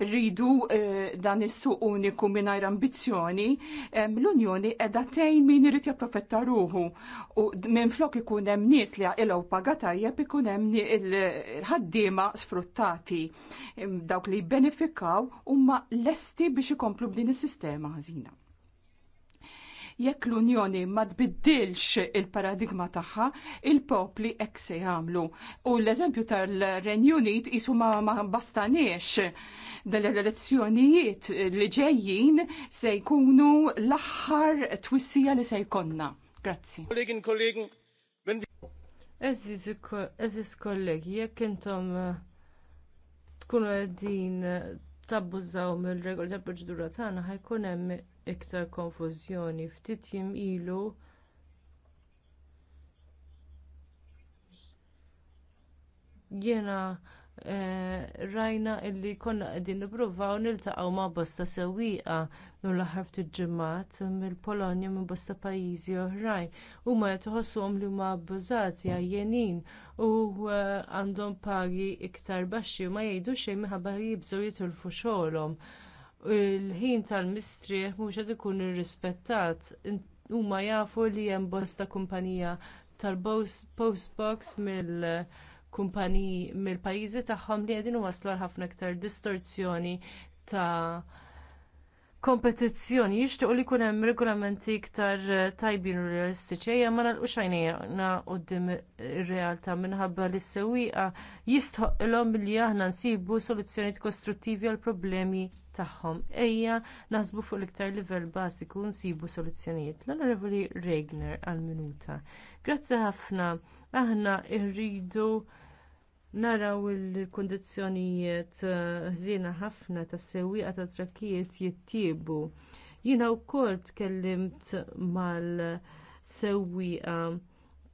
rridu eh, dan is-suq uniku mingħajr ambizzjoni, eh, l-Unjoni qiegħda tgħin min irid japprofetta ruħu u minflok ikun hemm nies li għaqilgħu paga tajjeb ikun hemm il-ħaddiema sfruttati. Dawk li jbenefikaw huma lesti biex ikomplu b'din is-sistema ħażina. Jekk l-Unjoni ma tbiddilx il-paradigma tagħha, il-popli hekk se jagħmlu. U l-eżempju tal-Renju Unit isu ma bastaniex dal-elezzjonijiet li ġejjin se jkunu l-aħħar twissija li se jkollna. Grazzi. Kollegin, kollegi, jekk intom eh, tkunu għeddin tabbużaw mill-regoli tal-proċedura tagħna ħajkun hemm iktar konfużjoni. Ftit jiem ilu Jiena eh, rajna illi konna qegħdin nippruvaw niltaqgħu ma' bosta sewwieqa minn l-aħħar ftit ġimgħat mill-Polonja minn bosta pajjiżi oħrajn. Huma qed iħossuhom li huma abbużati għajjenin u eh, għandhom pagi iktar baxxi u ma jgħidu xejn minħabba li jibżgħu jitilfu xogħolhom il-ħin tal-mistrieħ mhux qed ikun irrispettat. Huma jafu li hemm bosta kumpanija tal-postbox mill kumpaniji mill-pajjiżi tagħhom li qegħdin waslu għal ħafna iktar distorzjoni ta' kompetizzjoni jixtiequ li jkun hemm regolamenti iktar tajbin u realistiċi ejja ma nagħlqu xajnejna quddiem ir-realtà minħabba li s-sewwieqa jistħoqilhom li aħna nsibu soluzzjonijiet kostruttivi għall problemi tagħhom. Ejja naħsbu fuq l-iktar livell bażiku nsibu soluzzjonijiet. L-Onorevoli Regner għall minuta Grazzi ħafna. Aħna rridu naraw il-kundizzjonijiet eh, ħżiena ħafna tas-sewwieqa ta' trakkijiet jittiebu. Jiena wkoll tkellimt mal-sewwieqa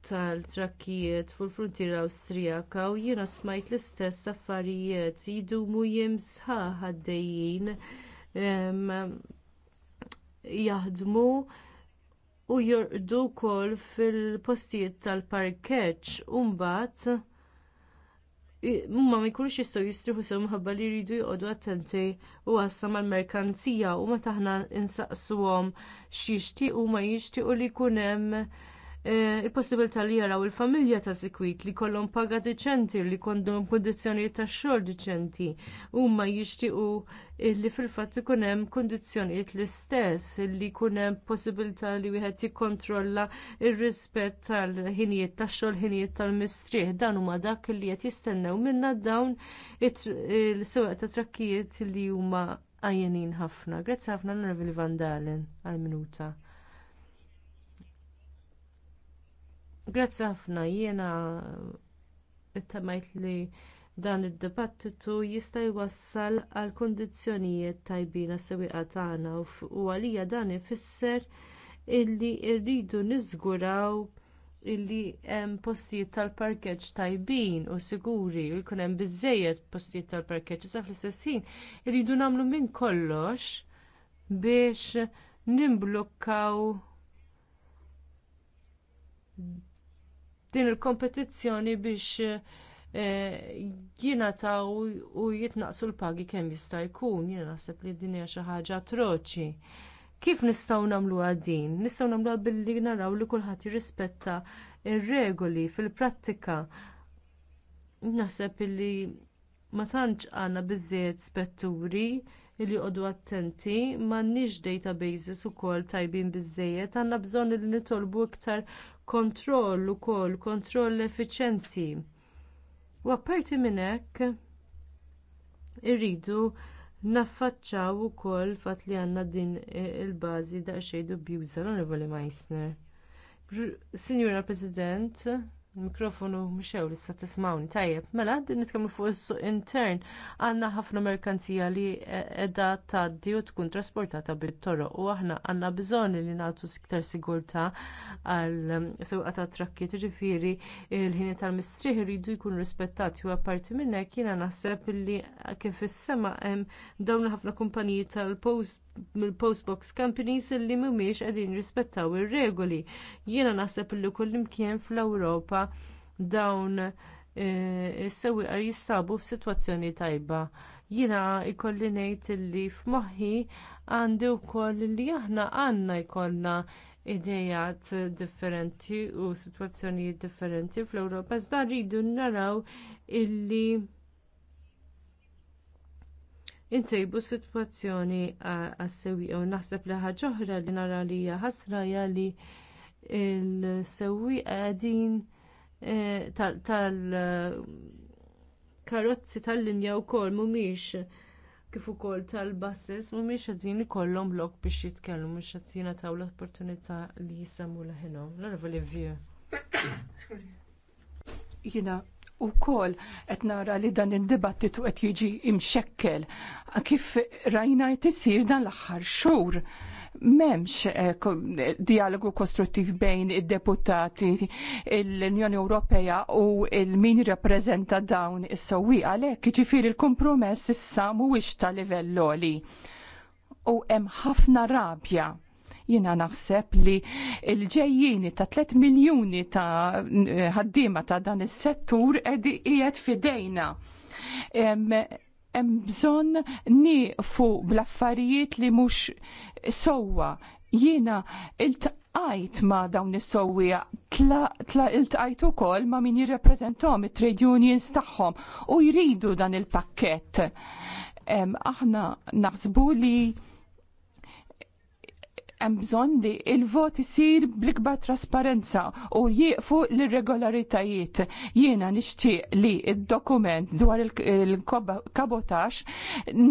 tal-trakkijiet fuq il-fruntiera Awstrijaka u jiena smajt l-istess affarijiet jidumu jimsħa għaddejjin jaħdmu u jorqdu wkoll fil-postijiet tal-parkeġġ u mbagħad huma ma jkunux jistgħu jistriħu sew minħabba li jridu jqogħdu attenti u għassa mal-merkanzija u meta aħna insaqsuhom x'jixtiequ ma jixtiequ li jkun hemm Eh, il-possibilità li jaraw il-familja ta' sikwit li jkollhom paga diċenti, li jkollhom kundizzjonijiet tax xogħol diċenti. Huma jixtiequ li fil-fatt ikun hemm kundizzjonijiet l-istess, li jkun hemm possibilità li wieħed jikkontrolla r rispett tal-ħinijiet tax-xogħol, ħinijiet tal-mistrieħ. Dan huma dak li qed jistennew minnha dawn il-sewq ta' trakkijiet li huma għajjenin ħafna. Grazzi ħafna l Vandalen għal-minuta. Grazzi ħafna jiena ittamajt eh, li dan id-dibattitu jista' jwassal għal kundizzjonijiet tajbin għas-sewwieqa tagħna u għalija dan ifisser illi rridu niżguraw illi hemm postijiet tal-parkeġġ tajbin u siguri u jkun hemm biżżejjed postijiet tal-parkeġġ sa fl-istess ħin irridu nagħmlu minn kollox biex nimblukkaw din il-kompetizzjoni biex eh, jingħataw u jitnaqsu l-pagi kemm jista' jkun, jiena naħseb li din hija xi ħaġa atroċi. Kif nistgħu nagħmluha din? Nistgħu nagħmluha billi naraw li kulħadd jirrispetta r regoli fil-prattika. Naħseb li ma tantx għandna biżżejjed spetturi li joqogħdu attenti m'għandniex databases ukoll tajbin biżżejjed għandna bżonn li nitolbu iktar kontroll ukoll, kontroll effiċjenzi. U apparti minn hekk irridu naffaċċaw ukoll fatt li għandna din il-bażi daqsxejn dubjuża l-Onorevoli Meissner. Signora President, mikrofonu mxew li s-satismawni tajjeb. Mela, din nitkellmu fuq is-suq intern għandna ħafna merkanzija li e- edha tgħaddi u tkun trasportata bit toro u aħna għandna bżonn li nagħtu iktar sigurtà għal um, sewqa ta' trakkiet, ġifiri il-ħini tal-mistrieħ rridu jkun rispettati u apparti minn hekk jiena naħseb li kif is-sema hemm dawn ħafna kumpaniji tal-post mill-postbox companies li mhumiex qegħdin rispettaw ir-regoli. Jiena naħseb li kullimkien fl-Ewropa dawn e, is-sewwieqa jissabu f'sitwazzjoni tajba. Jiena ikolli ngħid li f'moħħi għandi wkoll li aħna għandna jkollna idejat differenti u sitwazzjonijiet differenti fl-Ewropa iżda rridu naraw illi intejbu situazzjoni għas sewi u naħseb li ħaġa oħra li nara li hija ħasra jali li l għadin e, tal-karozzi tal-linja wkoll mhumiex kif ukoll tal-basses mhumiex qegħdin kollom blok biex jitkellmu mhux qed taw l-opportunità li jisamu leħinhom. L-arva li vju. Jina, u kol et nara li dan il-dibattitu et jiġi imxekkel. Kif rajna jtisir dan l aħħar xur. Memx eh, dialogu kostruttiv bejn id-deputati, l-Unjoni Ewropea u il-min rappresenta dawn is-sowi għalhekk ġifir il-kompromess issa mhuwiex ta' livell loli. U hemm ħafna rabja Jiena naħseb li l-ġejjini ta' 3 miljuni ta' ħaddiema ta' dan is-settur qiegħed fidejna hemm bżonn nieqfu bl-affarijiet li mhux sewwa. Jiena l-tqajt ma' dawn is-sewwieqa, iltqajt ukoll ma' min jirreprezentom it-trade unions tagħhom u jridu dan il-pakkett. Aħna naħsbu li hemm bżonn li il-vot isir bl-ikbar trasparenza u jieqfu l-irregolaritajiet. Jiena nixtieq li id-dokument dwar il-kabotax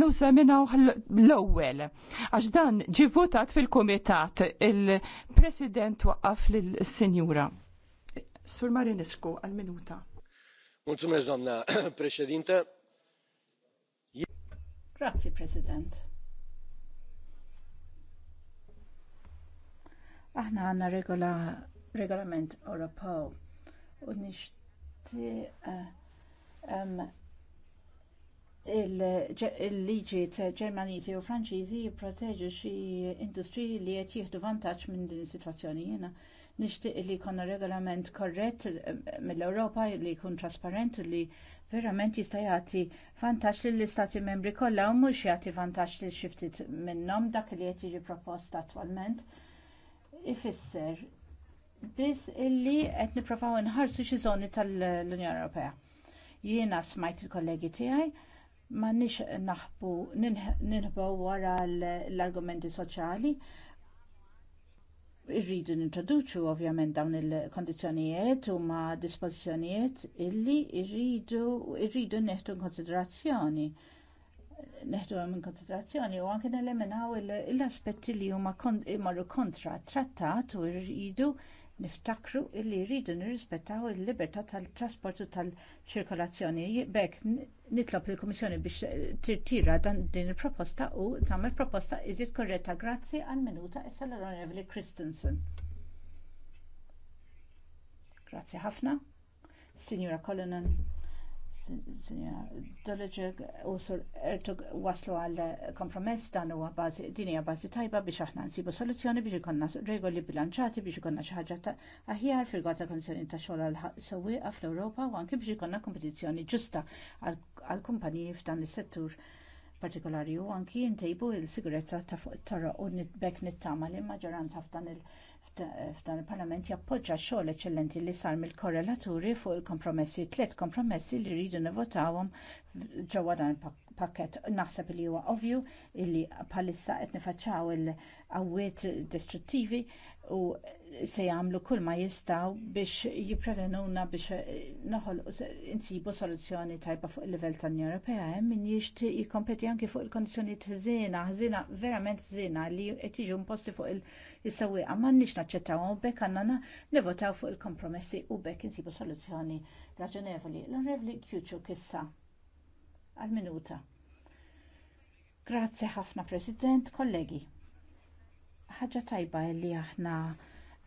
nużaminaw l-ewwel. Għax dan ġi votat fil-kumitat il-President waqaf lill-Sinjura. Sur Marinescu għal-minuta. Mulzumez, domna, președinte. Grazie, President. Aħna għandna regola, regolament Europol u nixtieq uh, um, il-liġi ta' Ġermaniżi u Franċiżi jipproteġu xi industriji li qed jieħdu vantaġġ minn din is-sitwazzjoni. Jiena nixtieq li jkollna regolament korrett mill-Ewropa li jkun trasparent li verament jista' jagħti vantaġġ l istati membri kollha u mhux jagħti vantaġġ li xi ftit minnhom dak li qed jiġi propost attualment ifisser biss illi qed nipprovaw inħarsu xi żoni tal-Unjoni Ewropea. Jiena smajt il-kollegi tiegħi ma nix naħbu ninħbu wara l-argumenti soċjali irridu nintroduċu ovvjament dawn il-kondizjonijiet u ma dispożizzjonijiet illi irridu irridu neħtu konsiderazzjoni neħdu minn konsiderazzjoni u anke nelemenaw l-aspetti li huma imorru kontra trattat u rridu niftakru li rridu nirrispettaw il-libertà tal-trasportu tal-ċirkolazzjoni. bek nitlob il-Kummissjoni biex tirtira dan din il-proposta u tagħmel proposta iżid korretta. Grazzi għal minuta issa l-Onorevoli Christensen. Grazzi ħafna. Signora Colonan. Doleġeg u sur Ertuk waslu għal kompromess dan huwa bażi din hija bażi tajba biex aħna nsibu soluzzjoni biex ikonna regoli bilanċati biex ikonna xi ħaġa ta' aħjar fil-gwarta konzjoni ta' xogħol għal sewwieqa fl-Ewropa u għanki biex ikonna kompetizzjoni ġusta għal kumpaniji f'dan is-settur partikolari u anki jintejbu il-sigurezza ta' fuq it-torra u nitbek nittama li maġġoranza f'dan il- f'dan il-Parlament jappoġġa xogħol eċċellenti li sar mill-korrelaturi fuq il-kompromessi, tliet kompromessi li rridu nivotawhom ġewwa dan il-pakket. Naħseb li huwa ovvju li bħalissa qed nifaċċaw il-qawwiet distruttivi u se jagħmlu kull ma jistgħu biex jipprevenuna biex eh, noħol insibu soluzzjoni tajba fuq il-livell tal-Unjoni Ewropea hemm min jixtieq jikkompeti anke fuq il-kondizzjoni żiena, żiena verament żiena li qed jiġu imposti fuq il- is-sewwieqa m'għandniex naċċettawhom bekk għandna nivotaw fuq il-kompromessi u bekk insibu soluzzjoni raġonevoli. l onrevli Kjuċu kissa għal-minuta. Grazzi ħafna President, kollegi. Ħaġa tajba li aħna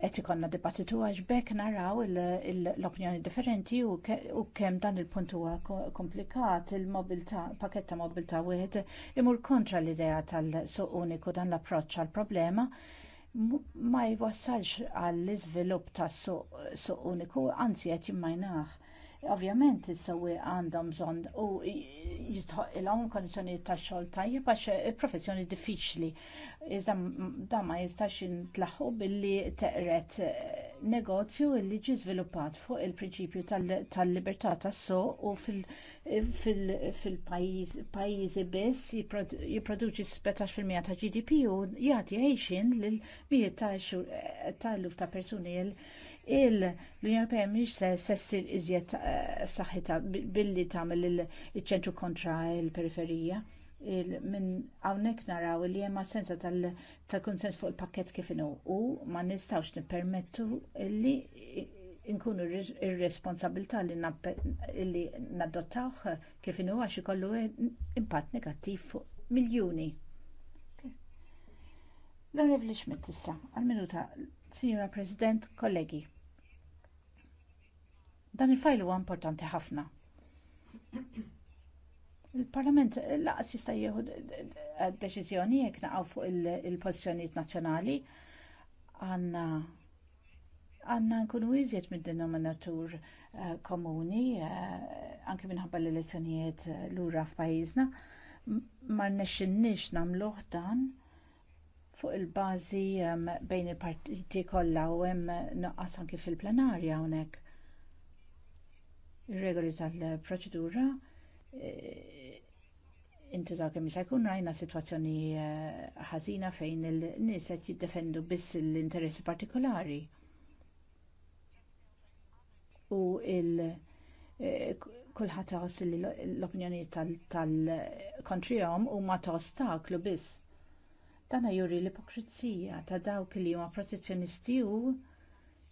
qed ikonna dibattitu għax bekk naraw l-opinjoni differenti u kemm dan il-punt huwa komplikat il-mobilità paketta mobilità wieħed imur kontra l-idea tal-suq uniku dan l-approċċ għall problema ma jwassalx għall iżvilupp tas suq uniku, anzi qed jimmajnah Ovvjament is sewwieq għandhom bżonn u jistħoqilhom kondizzjonijiet tax-xogħol tajjeb għax professjoni diffiċli. Iżda dan ma jistax intlaħħu billi teqret eh, negozju li ġie żviluppat fuq il-prinċipju tal-libertà tas-suq u fil-pajjiżi biss jipproduċi fil-mija ta' GDP u jagħti għejxin lil mijiet ta' eluf ta' persuni l-Unjoni mhix se sessir iżjed eh, f'saħħitha billi tagħmel iċ-ċentru kontra l-periferija. Minn hawnhekk naraw li hemm assenza tal-konsens fuq il-pakkett kif inhu u ma nistgħux nippermettu li inkunu ir-responsabilità li nadottawh kif inhu għax ikollu e-, impatt negattiv fuq miljuni. L-Onorevoli Schmidt issa, għal-minuta, Signora President, kollegi. Dan il-fajl huwa importanti ħafna. Il-Parlament laqas jista' jieħu deċiżjoni jekk naqgħu fuq il-pożizzjonijiet nazzjonali għandna għandna nkunu iżjed mid-denominatur eh, komuni eh, anke minħabba l-elezzjonijiet eh, lura f'pajjiżna ma rnexxinniex nagħmluh dan fuq il-bażi ehm, bejn il-partiti kollha u hemm nuqqas anke fil-plenarja hawnhekk regoli tal-proċedura eh, intużaw kemm jista' jkun rajna sitwazzjoni eh, ħażina fejn il-nies qed jiddefendu biss l-interessi partikolari. U il- eh, kulħadd taħoss li l-opinjoni tal-kontrijom huma ta' ostaklu biss. Dana juri l-ipokrizija ta' dawk li huma protezzjonisti u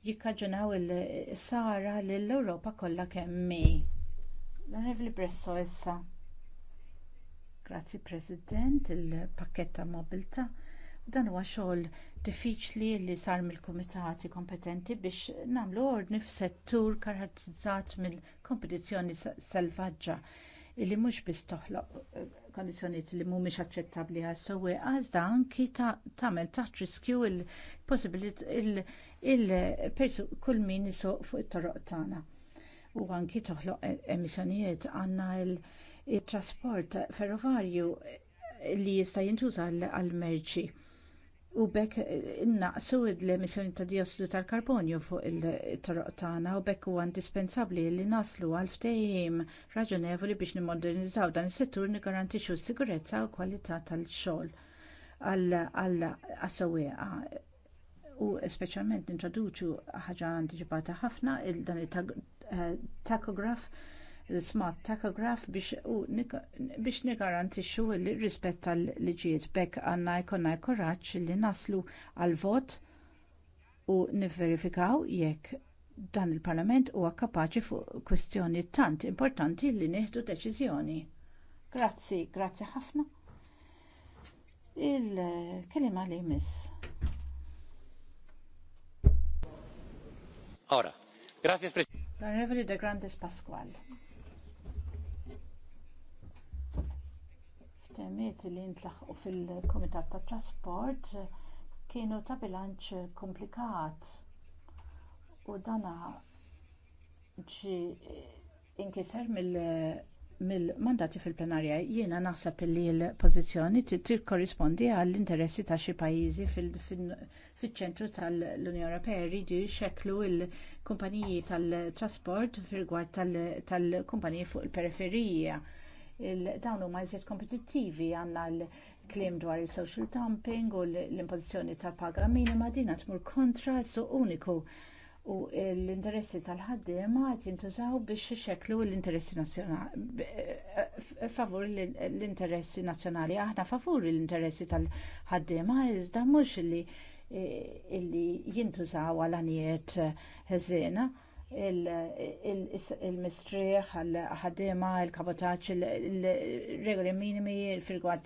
jikkaġunaw il-sara lill-Ewropa kollha kemm hi. l Bresso issa. Grazzi President, il pakkett ta' mobilta. Dan huwa xogħol diffiċli li sar mill-kumitati kompetenti biex nagħmlu ordni f'settur karatizzat mill-kompetizzjoni selvaġġa illi mhux biss toħloq eh, kondizzjonijiet li mhumiex aċċettabbli għas sewwieqa iżda anki tagħmel taħt riskju il-possibilità il il-persu kull min isoq fuq it-toroq tagħna. U anki toħloq e- emissjonijiet għandna il-trasport ferrovarju li jista' jintuża għal-merċi. U bekk eh, innaqsu l-emissjoni ta' diossidu tal-karbonju fuq il-toroq tagħna u bekk huwa indispensabbli li naslu għal ftehim raġunevoli biex nimmodernizzaw dan is-settur nigarantixxu s-sigurezza u l kwalità tal-xogħol għall-sewwieqa u speċjalment nintraduċu ħaġa antiċipata ħafna dan il-takograf eh, smart tachograph, biex nigarantixxu l-rispett tal-liġijiet bekk għandna jkollna jkorraċ li naslu għal vot u nifverifikaw jekk dan il-Parlament huwa kapaċi fuq kwestjoni tant importanti li nieħdu deċiżjoni. Grazzi, grazzi ħafna. Il-kelima li jmiss. Ora, grazie Presidente. L'onorevole De Grandes Pasquale. Temiet li intlaħqu fil-Komitat tat Trasport kienu ta' bilanċ komplikat u dana ġi inkiser mill-mandati fil-plenarja jiena naħseb li l-pożizzjoni korrispondi għall-interessi ta' xi pajjiżi fil-Unjoni fiċ-ċentru tal-Unjoni Ewropea jridu jxekklu l-kumpaniji tal-trasport fir-rigward tal-kumpaniji fuq il-periferija. Dawn huma jżid kompetittivi għandna l-klim dwar il-social dumping u l-impożizzjoni tal-paga minima dina tmur kontra s suq uniku u l-interessi tal-ħaddiema qed jintużaw biex ixekklu l-interessi nazzjonali eh, favur l-interessi nazzjonali aħna favur l-interessi tal-ħaddiema iżda mhux li Eh, illi jintużaw għal anijiet eh, ħeżiena il-mistrieħ għal-ħadima, il-kabotaċ, il-regoli minimi, il-firgwad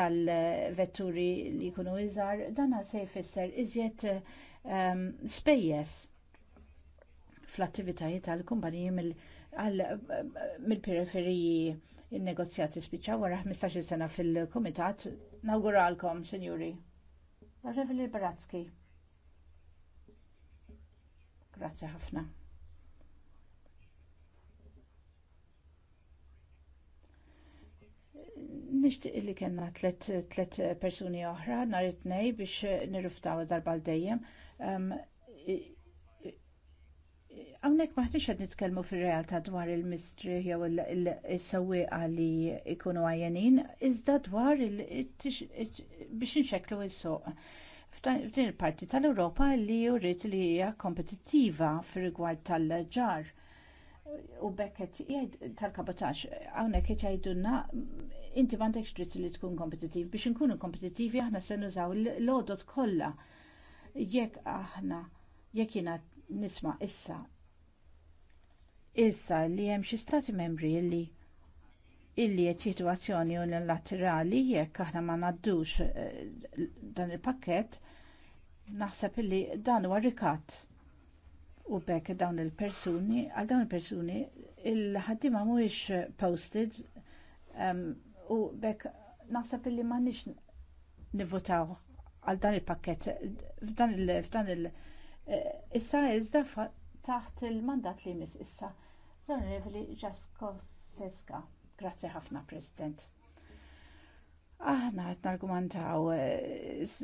tal-vetturi li jkunu iżar, dan se jfisser iżjed ehm, spejjes fl-attivitajiet tal-kumpaniji mill-periferiji il-negozjati spiċċaw wara 15 sena fil kumitat Nawguralkom, sinjuri. Rivili Bratski. Grazie ħafna. Nishtiq li kena tlet persuni oħra nhar it biex niruftaw darba dejjem Um, Għawnek maħtix għad nitkelmu fil-realtà dwar il-mistri jew il sawi li ikunu għajenin, iżda dwar biex nxeklu il-soq. F'din il-parti tal-Europa li jurrit li hija kompetittiva fir-rigward tal-ġar u bekket tal-kabotax, għawnek jgħidunna inti mandek trid li tkun kompetitiv biex nkunu kompetitivi aħna se nużaw l-lodot kollha jekk aħna jekk jina nisma issa Issa li hemm xi stati membri li illi qed jieħdu azzjoni unilaterali jekk aħna ma ngħaddux eh, dan il-pakkett, naħseb illi dan huwa rikat. U bekk dawn il-persuni, għal dawn il-persuni, il-ħaddima mhuwiex posted u bekk naħseb illi m'għandniex nivvotaw għal dan il-pakkett f'dan il- eh, issa iżda taħt il-mandat li jmiss issa l-Onorevoli Ġaskofeska. Grazie ħafna, President. Aħna ah, qed eh,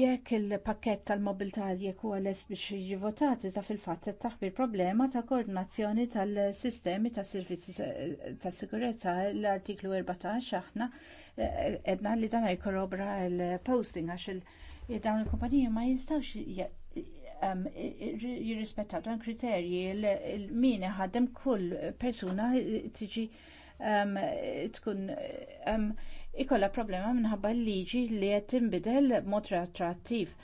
jekk il-pakkett tal-mobilità jekk huwa les biex jivvotat iżda fil-fatt qed taħbi problema ta' koordinazzjoni tal-sistemi tas servizzi eh, tas sikurezza l-artiklu 14 aħna eh, edna li dan jkorrobra l-posting għax il dawn il-kumpaniji ma jistgħux Um, jirrispettaw dan kriterji min ħaddem kull persuna tiġi um, tkun um, ikolla problema minħabba l liġi li qed tinbidel mod attrattiv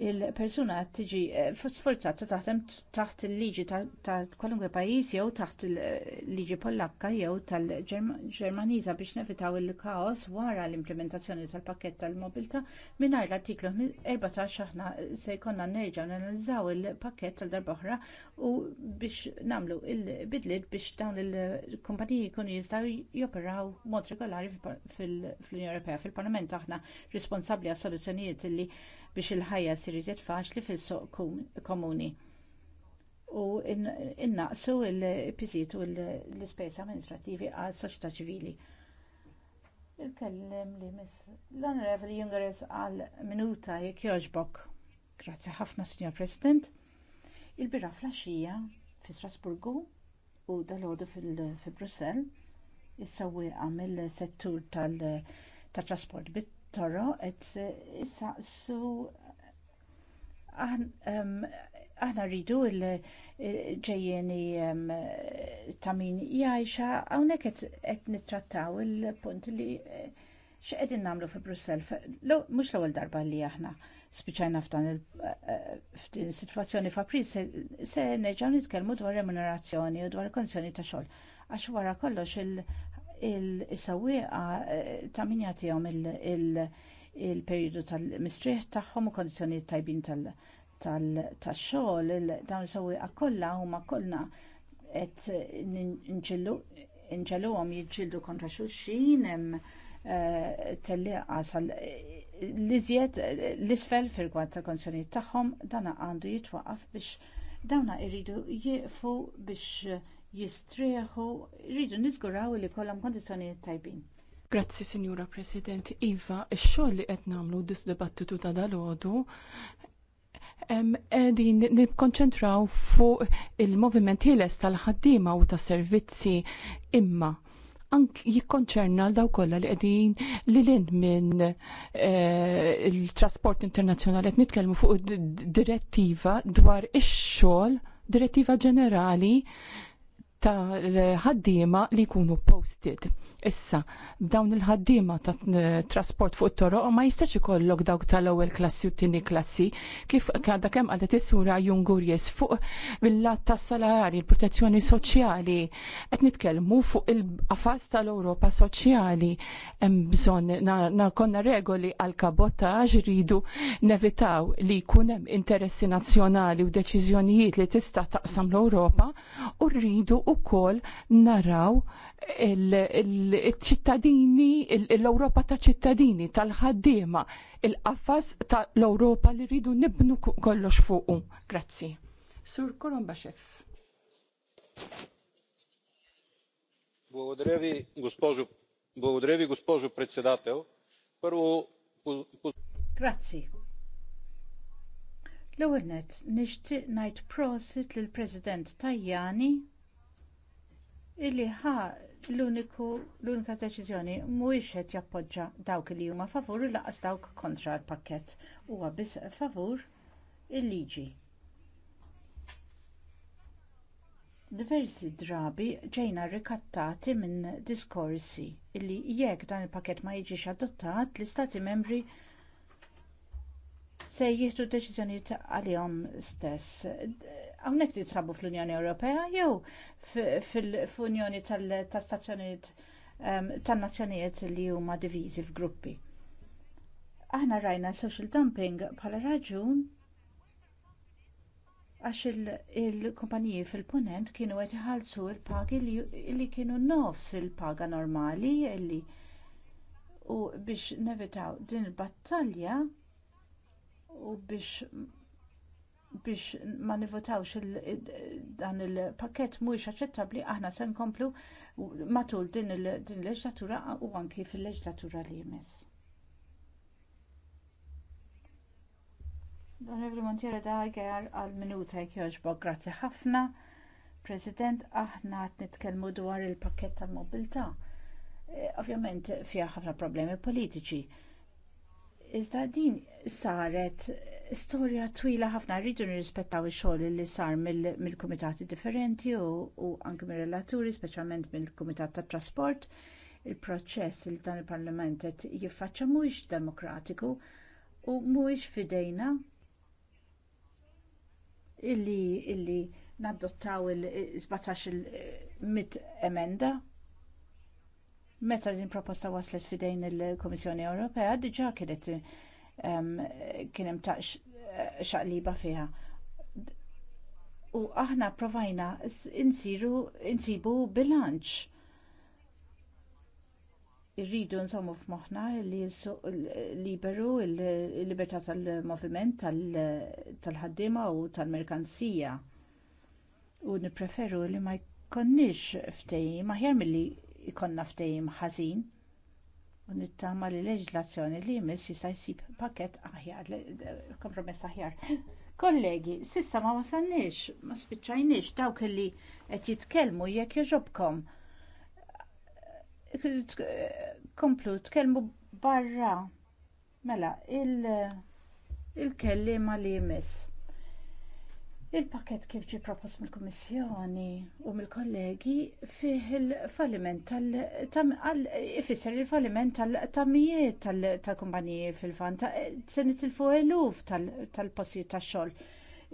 il-persuna tiġi eh, sforzata taħtem taħt il-liġi ta' kwalunkwe pajjiż jew taħt il-liġi Pollakka jew tal-Ġermaniża biex nevitaw il-kaos wara l-implementazzjoni tal-pakket tal-mobilta mingħajr l-artiklu 14 aħna se jkollna nerġgħu nanalizzaw il-pakket tal-darba oħra u biex nagħmlu il-bidliet biex dawn il-kumpaniji jkunu jistgħu joperaw mod regolari fil-Unjoni Ewropea. Fil-Parlament aħna responsabbli għas soluzzjonijiet li biex il-ħajja sir iżjed faċli fil soq komuni. U innaqsu il pizitu l-ispejs amministrativi għal soċjetà ċivili. Il-kellem li miss l-Onorevoli Jungeres għal minuta jekk jogħġbok. Grazzi ħafna, Signor President. Il-bira flasġija fi Strasburgu u dal-ħodu fi Brussell, is għamil settur tal-trasport bit toro qed eh, issaqsu aħna rridu il-ġejjeni eh, ta' min jgħajxa hawnhekk qed nittrattaw il-punt li eh, x'qegħdin nagħmlu fi Brussell. Mhux l-ewwel darba li aħna spiċajna f'dan il is-sitwazzjoni f'April se neġgħu nitkellmu dwar remunerazzjoni u dwar konzjoni ta' xogħol għax wara kollox il sawiqa eh, ta' min jagħtihom il-perjodu tal-mistrieħ tagħhom u kondizzjonijiet tajbin tal-xogħol dawn is-sawieqa kollha huma kollna qed għom jiġġieldu kontra xulxin hemm eh, liqa sal l-iżjed l-isfel fil-gwad ta' konsjonijiet tagħhom dan għandu jitwaqaf biex dawna irridu jieqfu biex jistrieħu, rridu niżguraw li kollam kondizzjonijiet tajbin. Grazzi, Sinjura President. Iva, x-xogħol li qed nagħmlu dis-dibattitu ta' dalodu qegħdin nikkonċentraw fuq il-moviment ħieles tal-ħaddima u tas servizzi imma ank jikkonċerna l daw kollha li qegħdin li lin minn eh, il-trasport internazzjonali qed nitkellmu fuq direttiva dwar ix-xogħol, direttiva ġenerali tal-ħaddiema li jkunu posted. Issa, dawn il-ħaddiema ta' trasport fuq it-toroq ma jistax ikollok dawk tal-ewwel klassi u tieni klassi kif għadha kemm qalet is-sura Jungurjes fuq mill-lat tas-salari, il-protezzjoni soċjali. Qed nitkellmu fuq il-qafas tal-Ewropa soċjali. Hemm bżonn na konna regoli għal kabotaġġ ridu nevitaw li jkun hemm interessi nazzjonali u deċiżjonijiet li tista' taqsam l-Ewropa u rridu ukoll naraw il-ċittadini, l-Europa ta' ċittadini, tal-ħaddiema, il qaffas ta' l-Europa li rridu nibnu kollox fuqu. Grazzi. Sur Kolombaxef. xef. ви, госпожо, благодаря ви, Grazzi. L-ewwel nett nixtieq ngħid prosit lill-President Tajjani illi ħa l-uniku l-unika deċiżjoni mhuwiex qed jappoġġa dawk li huma favur u laqas dawk kontra l-pakkett huwa biss favur il-liġi. Diversi drabi ġejna rikattati minn diskorsi illi jekk dan il-pakett ma jiġix adottat l-istati membri se jieħdu deċiżjonijiet għalihom stess hawnhekk li trabu fl-Unjoni Ewropea jew fil-Unjoni tal-Stazzjonijiet ehm, tan-nazzjonijiet li huma diviżi f'gruppi. Aħna rajna social dumping bħala raġun għax il-kumpaniji fil-punent kienu għet jħalsu il-pagi li kienu nofs il-paga normali li u biex nevitaw din il-battalja u biex biex ma nivotawx dan il-pakket mhuwiex aċċettabbli aħna se nkomplu matul din il-leġlatura u anki fil-leġlatura li jmiss. Don Evri Montiero da għal minuta jkjoġbok grazzi ħafna. President, aħna għat nitkellmu dwar il-pakket tal-mobilità. Eh, ovvjament fiha ħafna problemi politiċi. Iżda din saret storja twila ħafna rridu nirrispettaw ix-xogħol li sar mill-kumitati differenti u, u anke mir-relaturi, speċjalment mill-Kumitat tat Trasport. Il-proċess li il dan il-Parlament qed jiffaċċja mhuwiex demokratiku u mhuwiex fidejna illi illi nadottaw il-17 mit emenda meta din proposta waslet fidejn il-Komissjoni Ewropea diġà kienet kien hemm taqx xaqliba fiha. U aħna provajna insiru insibu bilanċ. Irridu nsomu f'moħħna li liberu l-libertà tal-moviment tal-ħaddiema u tal-merkanzija. U nippreferu li ma jkonniex ftehim aħjar milli jkollna ftehim ħażin u nittama li leġislazzjoni li jmiss jista' jsib pakett aħjar, kompromess aħjar. Kollegi, sissa ma wasalniex, ma spiċċajniex dawk li qed jitkellmu jekk joġobkom. Komplu tkellmu barra. Mela, il-kellima li jmiss. Il-pakket kif ġie propost mill-Kummissjoni u mill-kollegi fih il-falliment tal ifisser il-falliment tal-tamijiet tal-kumpaniji fil-fan se nitilfu eluf tal-postijiet tax-xogħol.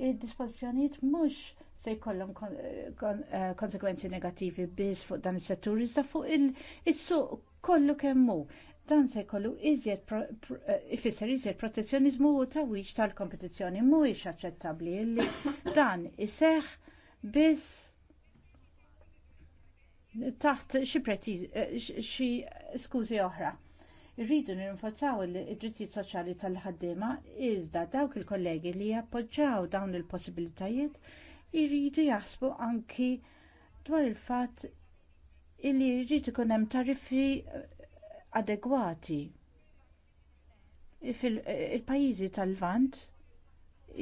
Id-dispożizzjonijiet mhux se jkollhom eh, konsekwenzi negattivi biss fuq dan is-settur iżda fuq is-suq kollu kemm hu dan se jkollu iżjed eh, ifisser iżjed protezzjonizmu u tawiġ tal-kompetizzjoni mhuwiex aċċettabbli li dan iseħħ biss taħt xi eh, skużi oħra. Irridu nirrinforzaw id-drittijiet soċjali tal-ħaddiema iżda dawk il-kollegi li jappoġġaw dawn il-possibilitajiet irridu jaħsbu anki dwar il-fatt illi jrid ikun hemm tariffi eh, adegwati. il eh, pajjiżi tal-Vant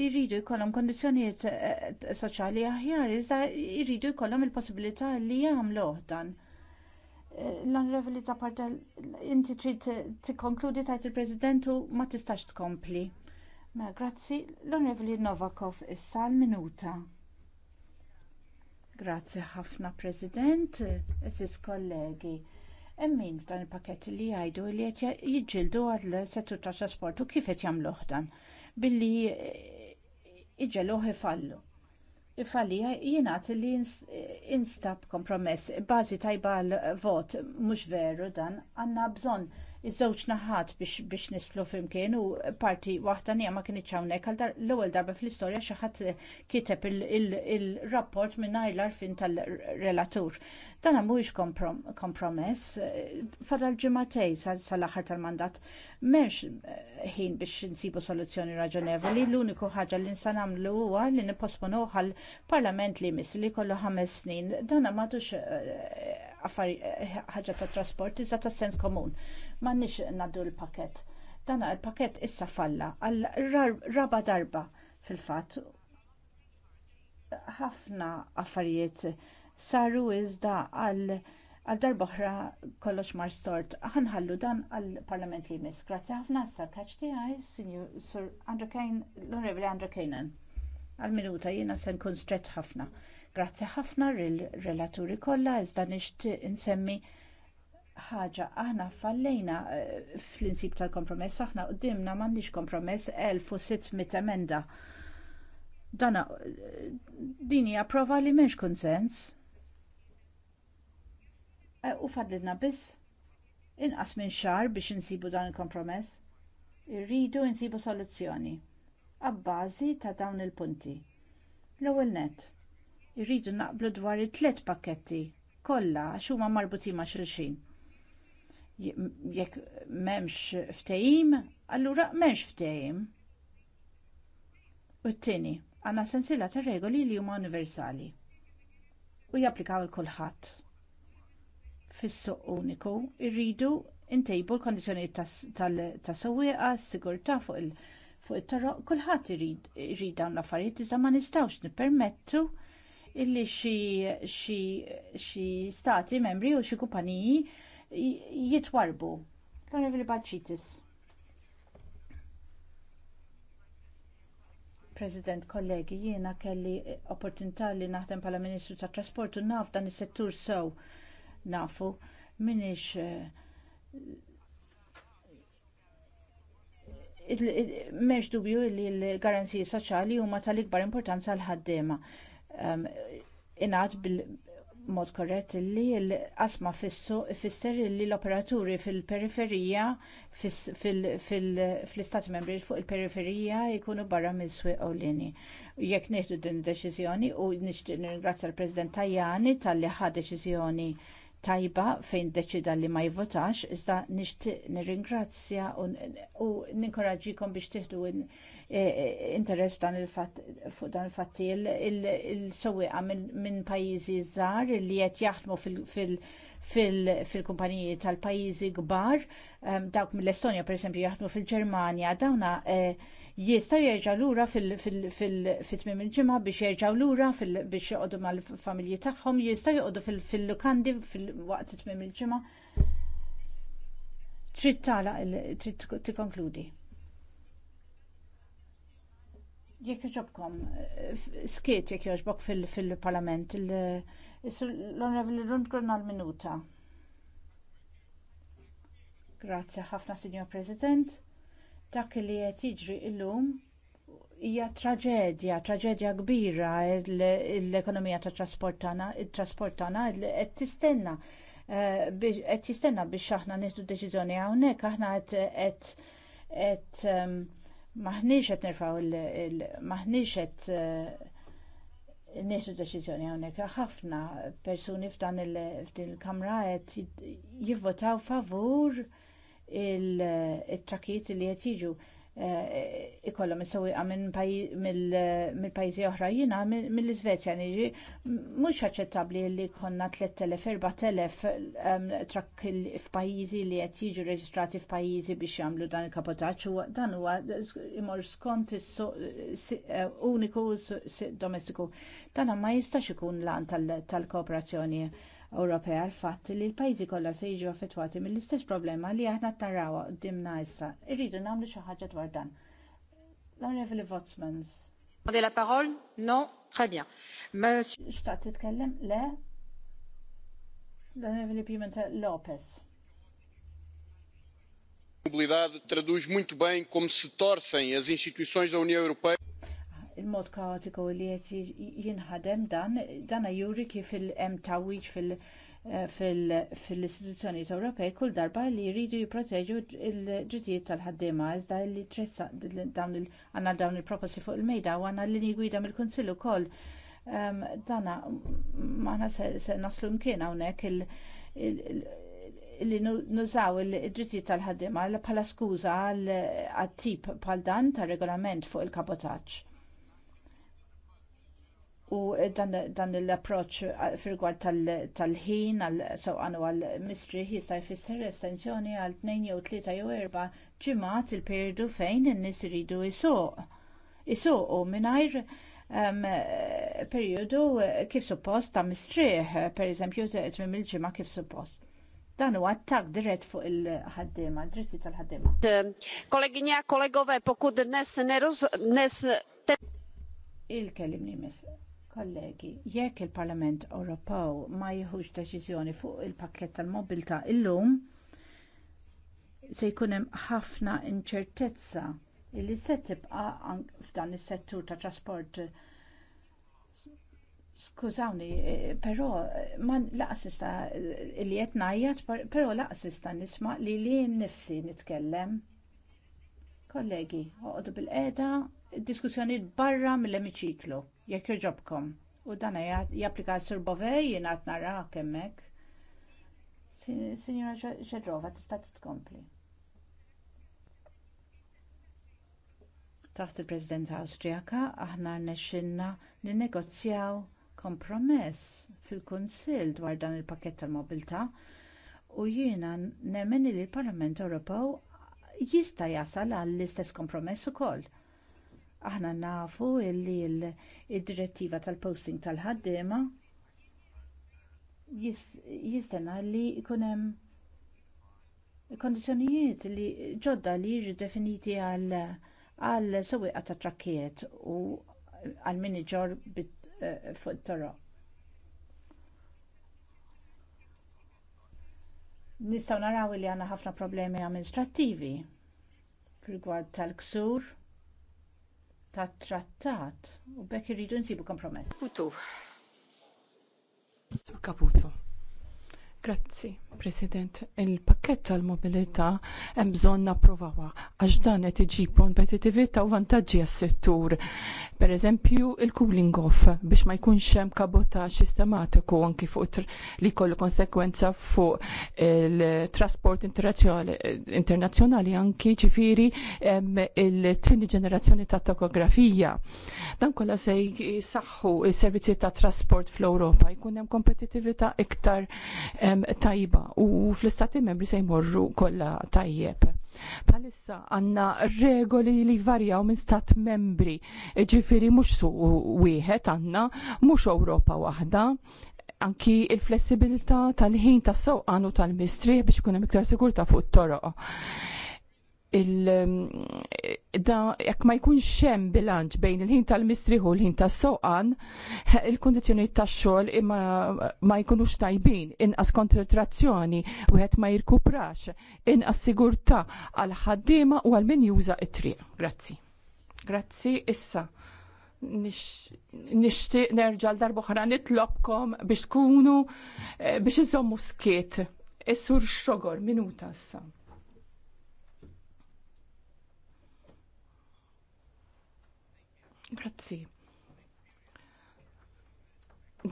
jridu jkollhom kondizzjonijiet eh, eh, soċjali aħjar iżda jridu jkollhom il-possibilità li jagħmlu dan. L-onorevoli Zaparda, inti trid tikkonkludi tajt il-Presidentu ma tistax tkompli. Ma mela, grazzi, l-onorevoli Novakov issa l-minuta. Grazzi ħafna President, essis kollegi emmin f'dan il-pakket li jgħidu li qed jiġġieldu għal settur tat trasport u kif qed jagħmluh dan billi eh, iġeluh ifallu. Ifalli eh, jingħad li instab kompromess bażi tajba għal vot mhux veru dan għandna bżonn iż-żewġ naħat biex, biex nisflu flimkien u parti waħda nija ma kienx hawnhekk għal l-ewwel darba fl-istorja xi ħadd kiteb il-rapport mingħajr l-arfin tal-relatur. Dan mhuwiex kompromess fadal ġimatej sal-aħħar tal-mandat. M'hemmx ħin biex insibu soluzzjoni raġonevoli, l-uniku ħaġa li nsa nagħmlu huwa li nipposponu għal parlament li jmiss li kollu ħames snin. Dan m'għadux eh, eh, ħaġa ta' trasport iżda ta' sens komun m'għandniex naddu l-pakett. Dan il-pakett issa falla għal raba darba fil-fatt. Ħafna affarijiet saru iżda għal għal darba oħra kollox mar stort. Ħanħallu dan għal parlament li jmiss. Grazzi ħafna sa kaċ tiegħi, Sir Andrew Kane, l-Onorevoli Andrew Kane. Għal minuta jiena se nkun stret ħafna. Grazzi ħafna ril-relaturi kollha iżda nixtieq insemmi ħaġa, aħna fallejna eh, fl-insib tal-kompromess, aħna qoddimna m'għandniex kompromess 1600 emenda. Dana, eh, din hija prova li m'hemmx konsens. Eh, u fadlidna biss inqas minn xahar biex insibu dan il-kompromess. Irridu insibu soluzzjoni abbażi ta' dawn il-punti. L-ewwel nett, irridu naqblu dwar it-tliet pakketti kollha xuma marbuti ma' xulxin jekk memx ftejim, allura memx ftejim. U t-tini, għanna sensila ta' regoli li huma universali u japplikaw il-kulħadd. fis uniku irridu ntejbu l kondizjoni tas-sewwieqa, s-sigurtà fuq il- fuq it tarro kulħadd irrid dawn l-affarijiet iżda ma nistgħux nippermettu illi xi stati membri u xi kumpaniji jitwarbu. L-Onorevoli President, kollegi, jiena kelli opportunità li naħdem bħala Ministru tat Trasportu naf dan is-settur sew nafu minix eh, Mhux dubju li l-garanziji soċjali huma tal-ikbar importanza għal ħaddiema. Ingħad mod korrett li l-qasma fissu ifisser li l-operaturi fil-periferija fl-istati membri fuq il-periferija jkunu barra minn swieq ewlieni. Jekk nieħdu din id-deċiżjoni u nixtieq nirringrazzja l-President Tajani talli ħa deċiżjoni tajba fejn deċida li ma jivvotax, iżda nixtieq nirringrazzja u ninkoraġġikom biex tieħdu e- e- interess dan fuq dan il-fattil il-sewwieqa minn pajjiżi żgħar li qed jaħdmu fil-kumpaniji tal-pajjiżi kbar, dawk mill-Estonja pereżempju jaħdmu fil-Ġermanja, dawna eh, jista' jerġa' lura fil-tmiem il-ġimgħa biex jerġgħu lura biex joqogħdu mal-familji tagħhom, jista' joqogħdu fil-lukandi waqt tmiem il-ġimgħa. Trid tagħlaq trid tikkonkludi. Jekk iġobkom, skiet jekk joġbok fil-parlament, l-onorevoli Rundgren għal-minuta. Grazie ħafna, Signor President. Dak li qed jiġri llum hija traġedja, traġedja kbira l-ekonomija tat trasport tagħna, it-trasport tagħna qed tistenna eh, qed jistenna biex aħna nieħdu deċiżjoni hawnhekk aħna qed qed ehm, maħniex qed nirfgħu il maħniex qed eh, nieħdu deċiżjoni hawnhekk ħafna persuni f'dan il-kamra qed jivvotaw favur il-trakijiet li qed jiġu eh, ikollhom isewwieqa minn mill-pajjiżi oħra jiena mill-Iżvezja niġi mhux aċċettabbli li konna 3000-4000 trakk f'pajjiżi li qed jiġu reġistrati f'pajjiżi biex jagħmlu dan il-kapotaġġ u dan huwa imur skont eh, uniku domestiku. Dan ma jistax ikun lan tal-kooperazzjoni Ewropea għal fatt li l-pajjiżi kollha se jiġu affettwati mill-istess problema li aħna tarawa qudiemna issa. Irridu nagħmlu xi ħaġa dwar dan. L-Onorevoli Votsmans. Demander la parole? Non? Très bien. Xtaqt titkellem? Le? L-Onorevoli Pimenta Lopez. A mobilidade traduz muito bem como se torcem as instituições da União Europeia il-mod kaotiku li qed jinħadem dan, dana juri kif il-hemm tawwiġ eh, fil- fil-istituzzjonijiet Ewropej kull darba li jridu jipproteġu l-ġitijiet tal-ħaddiema iżda li tressa dawn għandna dawn il-proposti fuq il-mejda u għandna li gwida mill-Kunsill ukoll. Dana se naslu mkien hawnhekk il- li nużaw il-drittijiet tal-ħaddiema bħala skuża għal tip bħal dan tar regolament fuq il-kabotaġġ u dan l-approċ fil-gwar tal-ħin tal sewqan għanu għal mistri jista' jfisser estensjoni għal tnejn jew tlieta jew erba' ġimgħat il-perjodu fejn in-nies iridu jisuq. Isuqu mingħajr perjodu kif suppost ta' mistrieħ, pereżempju tmim il-ġimgħa kif suppost dan huwa attak dirett fuq il-ħaddiema, dritti tal-ħaddiema. Kolleginja, kollegove, pokud nes neruz, nes Il-kellimni mis. Kollegi, jekk il-Parlament Ewropew ma jieħux deċiżjoni fuq il-pakket tal-mobilta illum, se jkun hemm ħafna inċertezza li se tibqa' f'dan is-settur ta' trasport Skużawni, però ma laqsista li qed ngħid, però laqsista nisma li li nnifsi nitkellem. Kollegi, oqgħodu bil-qeda diskussjoni barra mill-emiċiklu, jekk joġobkom. U dana japplika sur bovej jenat nara kemmek. Signora Ġedrova, tista' tkompli. Taħt il presidenta Awstrijaka aħna rnexxinna ninnegozjaw kompromess fil-Kunsill dwar dan il-pakett tal-mobilità u jiena nemmen li l-Parlament Ewropew jista' jasal għall-istess kompromess ukoll Aħna nafu illi l-direttiva tal-posting tal-ħaddiema jistenna li jkun hemm kondizjonijiet li ġodda li jiġu definiti għal għal sewwieqa ta' trakkiet u għal miniġor eh, fuq it-toroq. Nistgħu naraw li għandna ħafna problemi amministrattivi rigward tal-ksur ta' trattat u bekk irridu nsibu kompromess. Putu. Sur Caputo. Grazzi, President. Il-pakket tal-mobilità hemm bżonn napprovawha għax dan qed iġi kompetittività u vantaġġi għas-settur. Pereżempju il-cooling off biex ma jkunx hemm kabotaġġ sistematiku anki fuq li jkollu konsekwenza fuq il-trasport internazzjonali anki ġifieri il-tieni ġenerazzjoni ta' tokografija. Dan kollha se jsaħħu s servizzi ta' trasport fl-Ewropa jkun hemm kompetittività iktar eh, Um, tajba u fl-istati membri se jmorru kollha tajjeb. Palissa għanna regoli li varjaw minn stat membri, ġifiri mux su wieħed għanna, mux Ewropa waħda, anki il-flessibilità tal-ħin tas-sewqan u tal-mistri biex ikun hemm iktar sigurtà fuq it-toroq Um, jekk ma jkunx hemm bilanċ bejn il-ħin tal-mistriħu l-ħin tas-soqan, il-kondizzjoni tax-xogħol ma jkunux tajbin, inqas kontratrazzjoni, wieħed ma jirkuprax, inqas sigurtà għal ħaddiema u għal min juża it-triq. Grazzi. Grazzi issa nixtieq nerġa' l darboħra nitlobkom biex tkunu eh, biex iżommu skiet. Is-sur xogor minuta issa. Grazzi.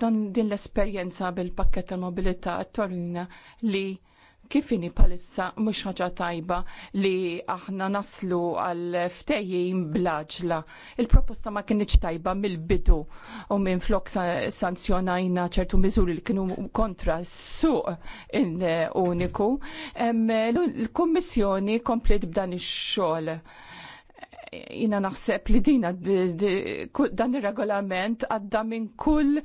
Dan din l-esperjenza bil-pakket tal-mobilità torrina li kifini palissa mhux ħaġa tajba li aħna naslu għal ftejjin blaġla. Il-proposta ma kinitx tajba mill-bidu u minn flok sanzjonajna ċertu miżuri li kienu kontra s-suq uniku. l kummissjoni komplet b'dan ix-xogħol jina naħseb li dina dan ir-regolament għadda minn kull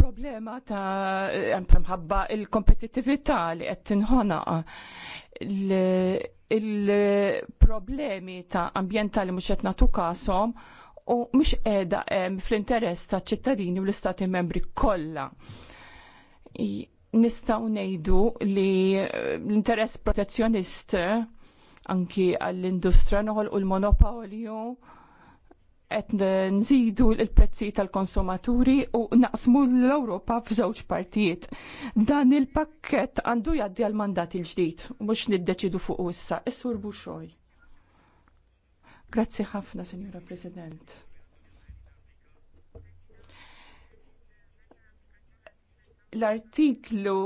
problema ta' mħabba il kompetitività li qed tinħona il-problemi ta' ambjentali mhux qed nagħtu kasom u mhux qiegħda fl-interess ta' ċittadini u l-istati membri kollha nistaw nejdu li l-interess protezzjonist anki għall-industrija noħolqu l-monopolju qed nżidu l-prezzi tal-konsumaturi u naqsmu l-Ewropa f'żewġ partijiet. Dan il-pakket għandu jgħaddi għal mandat il-ġdid mhux niddeċidu fuq issa. Is-sur Buxoj. Grazzi ħafna, Signora President. l-artiklu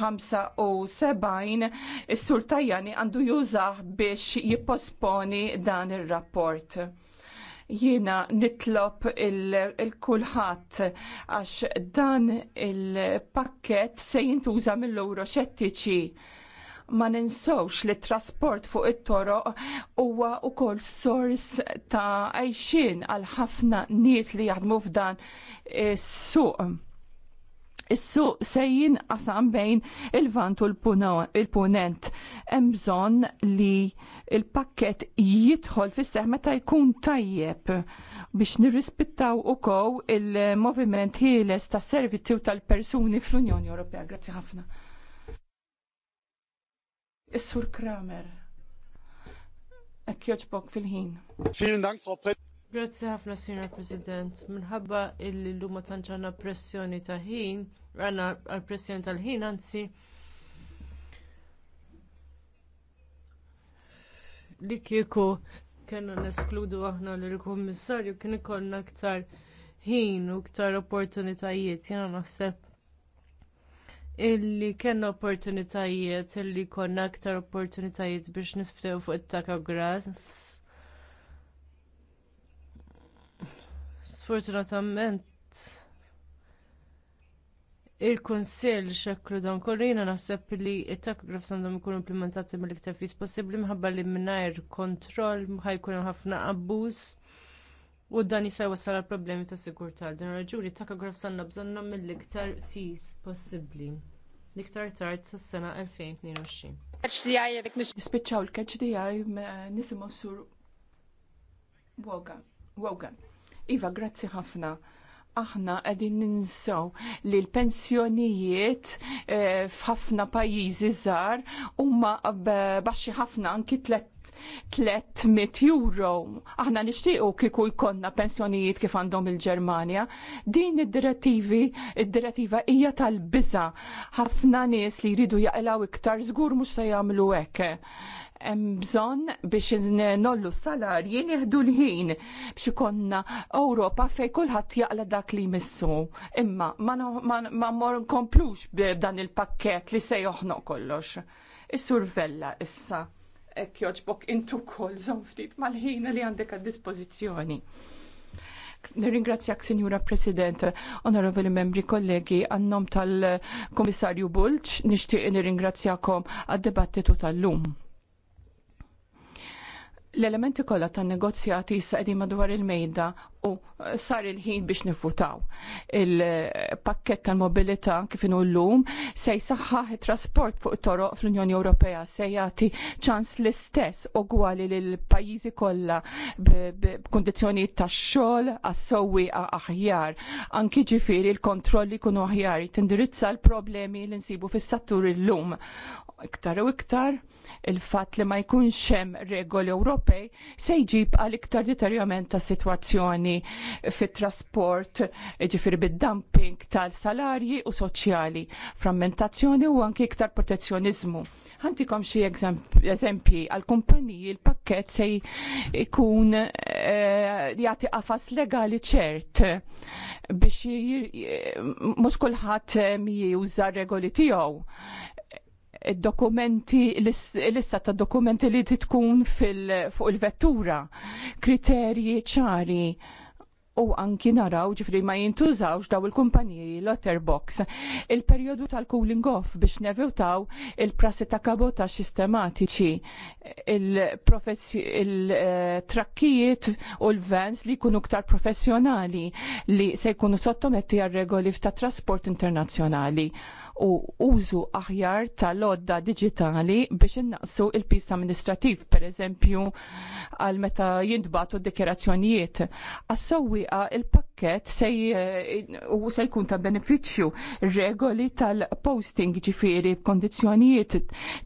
75 is-sur Tajani għandu jużah biex jipposponi dan ir-rapport. Jiena nitlob il-kulħadd għax dan il-pakket se jintuża mill xettiċi. ma ninsowx li trasport fuq it-toroq huwa wkoll sors ta' għajxin għal ħafna nies li jaħdmu f'dan is-suq Is-suq qasam bejn il-vant u l-punent. Hemm bżonn li l-pakket jidħol fis-seħ meta jkun tajjeb biex nirrispettaw ukoll il-moviment ħieles tas servizzi u tal-persuni fl-Unjoni Ewropea. Grazzi ħafna. Is-Sur Kramer. Ekkjoċbok fil-ħin. Vielen Dank, Frau Pret Grazzi ħafna, Sr. President. Minħabba illi l-lumma tanċana pressjoni ta' ħin, għanna għal-pressjoni tal-ħin, għanzi. li kieku kena neskludu aħna l kummissarju kien ikollna ktar ħin u ktar opportunitajiet jiena naħseb illi kellna opportunitajiet illi konna ktar opportunitajiet biex nisftew fuq it-taka gras Sfortunatament il-Kunsill xeklu dan kollu naħseb li t tagraf sandhom ikunu implementati mill-iktar fis possibbli minħabba li mingħajr kontroll ħajkun hemm ħafna abbuż u dan jista' jwassal għal problemi ta' sigurtà. Din raġuni tagraf sanna bżonnhom mill-iktar fis possibbli. L-iktar tard sas-sena 2022. Nispiċċaw il-catch DI nisimgħu Wogan. Wogan. Iva, grazzi ħafna. Aħna qegħdin ninsaw li l-pensjonijiet eh, f'ħafna pajjiżi żgħar huma baxxi ħafna anki tlet 300 euro. Aħna nixtiequ kieku jkollna pensjonijiet kif għandhom il-Ġermanja. Din id-direttivi, id-direttiva hija tal-biża. Ħafna nies li jridu jaqilgħu iktar żgur mhux se jagħmlu hekk hemm bżonn biex nollu s-salarji nieħdu l-ħin biex ikonna Ewropa fejn kulħadd jaqla dak li jmissu. Imma ma mor nkomplux b'dan il-pakkett li se joħnoq kollox. is Vella issa hekk joġbok intu kol żomm ftit mal-ħin li għandek għad-dispożizzjoni. Nirringrazzjak, Signora President, onorevoli membri kollegi, għannom tal-Komissarju Bulċ, nishtiq nirringrazzjakom għad-debattitu tal-lum l-elementi kollha tan-negozjati issa qegħdin madwar il-mejda u eh, sar il-ħin biex nifutaw. Il-pakket tal-mobilità kif inhu llum se jsaħħaħ it-trasport fuq it-toroq fl-Unjoni Ewropea se jagħti ċans l-istess ugwali lil pajjiżi kollha b'kundizzjonijiet tax-xogħol għas-sewwieqa aħjar. Anki ġifieri l-kontrolli jkunu aħjar tindirizza l-problemi li nsibu fis sattur illum. Iktar u iktar il-fatt li ma jkunx hemm regoli Ewropej se jġib għal iktar deterjament ta' sitwazzjoni fit-trasport, ġifir bid-dumping tal-salarji u soċjali, frammentazzjoni u anki iktar protezzjonizmu. Ħantikom xi eżempji għal kumpaniji il-pakket se jkun eh, jagħti qafas legali ċert biex mhux kulħadd mi juża regoli tiegħu dokumenti l-issa ta' dokumenti li fil fuq il-vettura, kriterji ċari u anki naraw ġifri ma jintużawx daw il-kumpaniji Lotterbox. Il-periodu tal-cooling off biex nevitaw il-prassi ta' kabota sistematiċi il-trakkijiet u l-vans li kunu ktar professjonali li se jkunu sottometti għal regoli ta' trasport internazzjonali u użu aħjar tal lodda digitali biex innaqsu il-pis amministrativ, per eżempju, għal meta jintbatu d-dikjerazzjonijiet. Għas-sewwieqa il-pakket se jkun ta' beneficju regoli tal-posting ġifiri kondizzjonijiet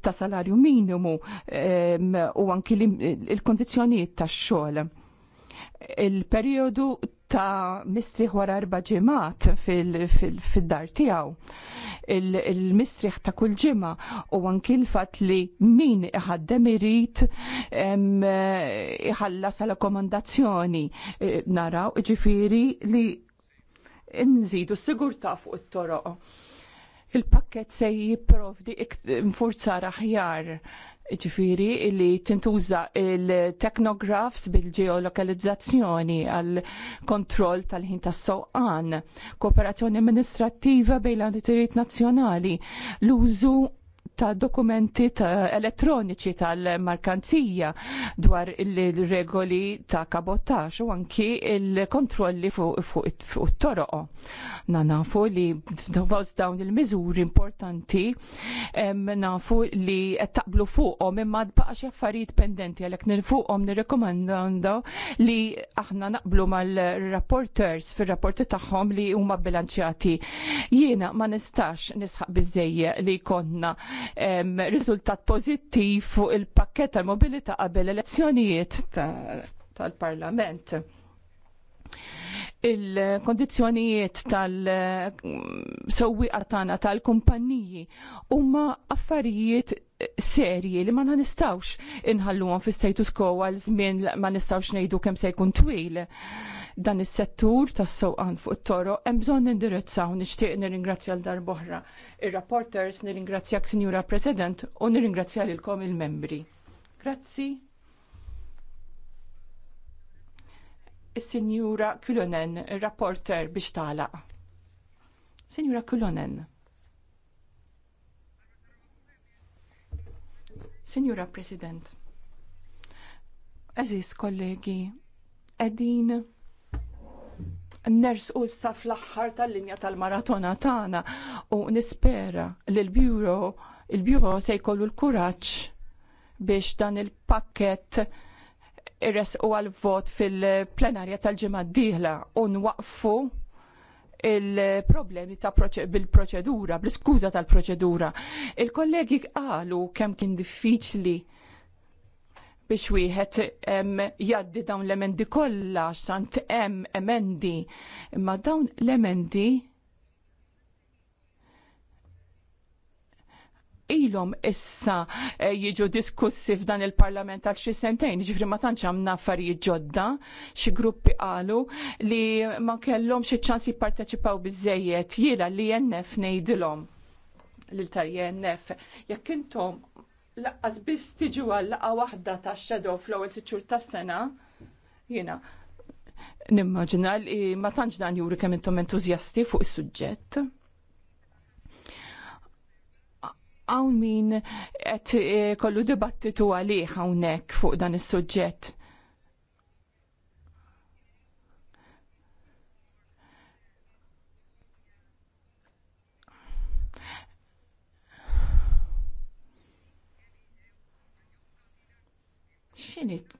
ta' salarju minimu u anki il kondizjonijiet ta' xogħol il-periodu ta' mistriħ wara erba' ġimgħat fid dar tiegħu il-mistriħ ta' kull ġimma u anki l-fat li min iħaddem irrit iħallas għal komandazzjoni e, naraw ġifiri li nżidu s-sigurta fuq it-toroq. Il-pakket se jipprovdi forza aħjar ġifiri li tintuża il-technographs bil-ġeolokalizzazzjoni għal kontroll tal-ħin tas soqqan kooperazzjoni amministrattiva bejn l-autoritajiet nazzjonali, l-użu ta' dokumenti ta' elettroniċi tal-markanzija dwar il-regoli ta' kabotax u anki il-kontrolli fuq it-toroq. Na nafu li f'davos dawn il-miżuri importanti nafu li qed taqblu fuqhom imma baqax affarijiet pendenti għalhekk nilfuqhom nirrekomandaw li aħna naqblu mal-rapporters fir-rapporti tagħhom li huma bilanċjati. Jiena ma nistax nisħaq biżejjed li konna riżultat pożittiv fuq il-pakket tal-mobilità qabel elezzjonijiet tal-Parlament. Ta il-kondizjonijiet tal-sewwieqa tagħna tal-kumpanniji huma affarijiet serji li ma nistawx inħalluhom fi status quo għal żmien ma nistawx ngħidu kemm se jkun twil. Dan is-settur tas-sewqan fuq it-toro hemm bżonn nindirizzaw nixtieq nirringrazzja l darb'oħra ir-rapporters, nirringrazzjak Sinjura President u nirringrazzja lilkom il-membri. Grazzi. is-Sinjura Kulonen, rapporter biex tagħlaq. Sinjura Kulonen. Sinjura President. Eżis kollegi, edin ners u issa fl-aħħar tal-linja tal-maratona tagħna u nispera li l-Bjuro il-Bjuro se jkollu l-kuraġġ biex dan il-pakket irres u għal-vot fil-plenarja tal-ġimgħa d-dieħla u nwaqfu il-problemi ta' bil-proċedura, bl skuza tal-proċedura. Il-kollegi qalu kemm kien diffiċli biex wieħed jaddi dawn l-emendi kollha xant hemm emendi, imma dawn l-emendi ilhom issa eh, jiġu diskussi f'dan il-parlament għal xi sentejn, ġifri ma tantx hemm affarijiet ġodda, xi gruppi qalu li ma kellhom xi ċans jipparteċipaw biżejjed jiela li jennef ngħidilhom lil jennef. Jekk intom laqqas biss tiġu għal laqgħa waħda tax shadow fl-ewwel siċċur tas-sena, jiena nimmaġina li ma tantx dan juri kemm intom entużjasti fuq is-suġġett. Hawn min qed e, kollu dibattitu għalih hawnhekk fuq dan is-suġġett. xinit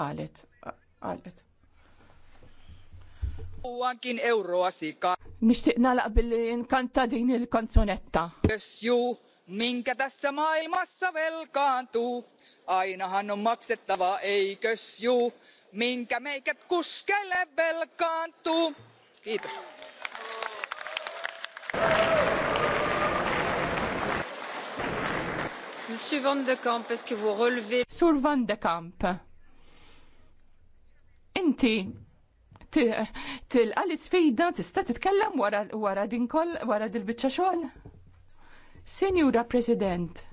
għalet għalet. U għankin euro għasika. Nishtiqna nalaq bil-inkanta din il-kanzonetta. Yes, you Minkä tässä maailmassa velkaantuu? Ainahan on maksettava, eikös juu? Minkä meikät kuskelle velkaantuu? Kiitos. Monsieur Van de Kamp, est-ce que vous relevez... Sur Van de Kamp, inti tilqa l-sfida tista' titkellem wara din koll wara din biċċa xogħol? Senjura President,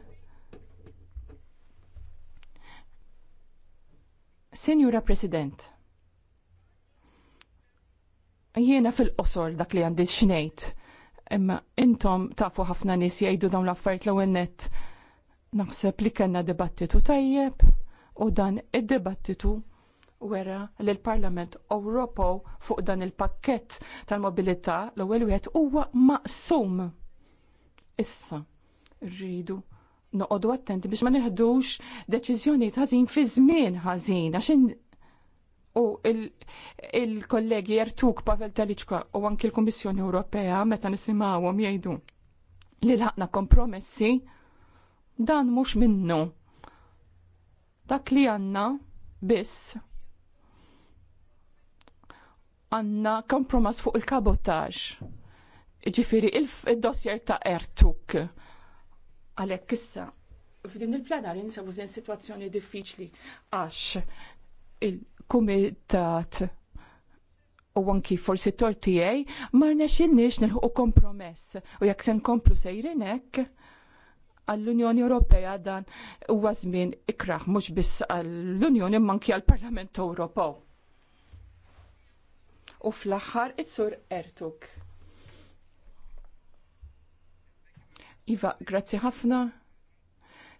Senjura President, jiena fil-qosor dak li għandi xnejt, imma intom tafu ħafna nis jgħidu dawn l-affarijiet l net naħseb li kellna dibattitu tajjeb u dan id-dibattitu wera li l-Parlament Ewropew fuq dan il-pakkett tal-mobilità l-ewwel wieħed huwa maqsum issa rridu noqogħdu attenti biex ma neħdux deċiżjonijiet ħażin fi żmien ħażin għax u il-kollegi il Ertuk Pavel Teliċka u anki l-Kummissjoni Ewropea meta nisimgħuhom jgħidu li laqna kompromessi dan mhux minnu. Dak li għandna biss għandna kompromess fuq il-kabotaġġ Ġifiri, il-dossier ta' Ertuk. Għalek, issa, f'din il-plenar jinsabu f'din situazzjoni diffiċli għax il-kumitat u anki forsi tortijaj ma nexinniex nilħu kompromess u jekk se nkomplu sejrinek għall-Unjoni Ewropea dan huwa żmien ikraħ mhux biss għall-Unjoni manki għall-Parlament Ewropew. U fl-aħħar it-sur Ertuk. Iva, grazzi ħafna.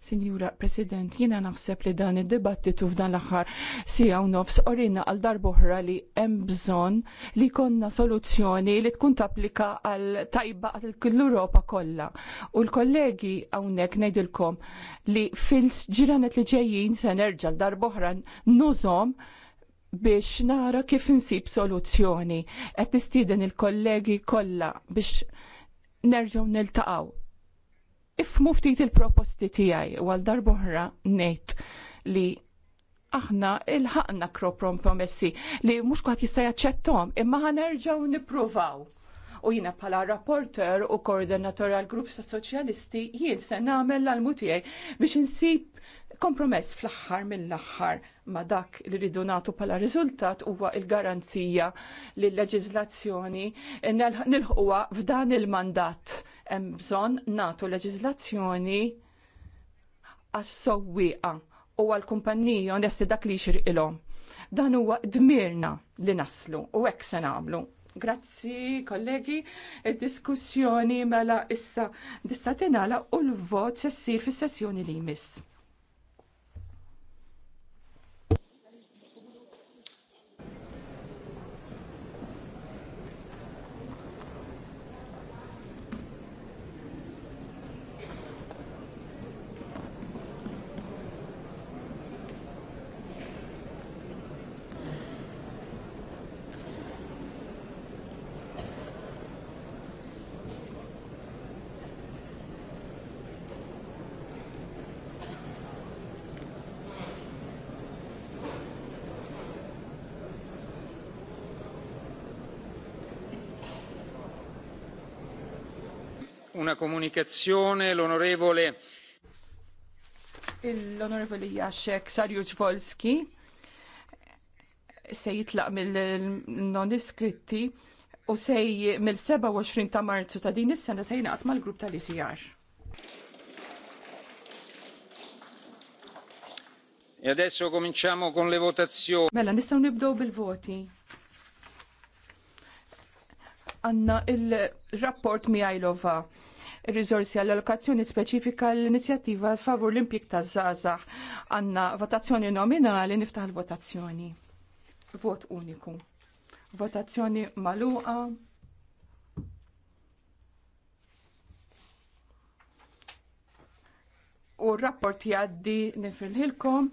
Sinjura President, jiena naħseb li dan id-dibattitu f'dan l-aħħar si għaw nofs orina għal darboħra li hemm bżonn li konna soluzzjoni li tkun tapplika għal tajba għal l-Europa kollha. U l-kollegi hawnhekk ngħidilkom li fils ġiranet li ġejjin se nerġa' l-darboħra nużhom biex nara kif insib soluzzjoni. Qed nistiden il-kollegi kollha biex nerġgħu niltaqgħu ifmu ftit il-proposti tiegħi u għal darbohra ngħid li aħna il kropron promessi li mhux kwaħt jista' jaċċettom imma ħanerġgħu nippruvaw. U jina pala rapporter u koordinator għal grupp sa soċjalisti jien se nagħmel għal mutijaj biex insib kompromess fl-aħħar mill-aħħar ma dak li ridu nagħtu bħala riżultat huwa il-garanzija li l-leġiżlazzjoni nilħuwa f'dan il-mandat hemm bżonn nagħtu leġiżlazzjoni għas-sowwieqa u għall-kumpanniji nesti dak li jxirqilhom. Dan huwa dmirna li naslu u hekk se nagħmlu. Grazzi kollegi, diskussjoni mela issa distatinala u l-vot se ssir fis-sessjoni li jmiss. una comunicazione l'onorevole l-onorevoli Jacek Sarjuġ-Volski se jitlaq mill-non iskritti u sej mill-27 ta' marzu ta' din is-sena se jingħat mal-grupp tal-ICR. E adesso cominciamo con le votazioni. Mela, nistgħu nibdow bil-voti għanna il-rapport għajlova il-rizorsi għall-allokazzjoni speċifika l-inizjattiva favur l-impjik ta' zazax. Għanna votazzjoni nominali niftaħ l-votazzjoni. Vot uniku. Votazzjoni maluqa. u r-rapport jaddi nifilħilkom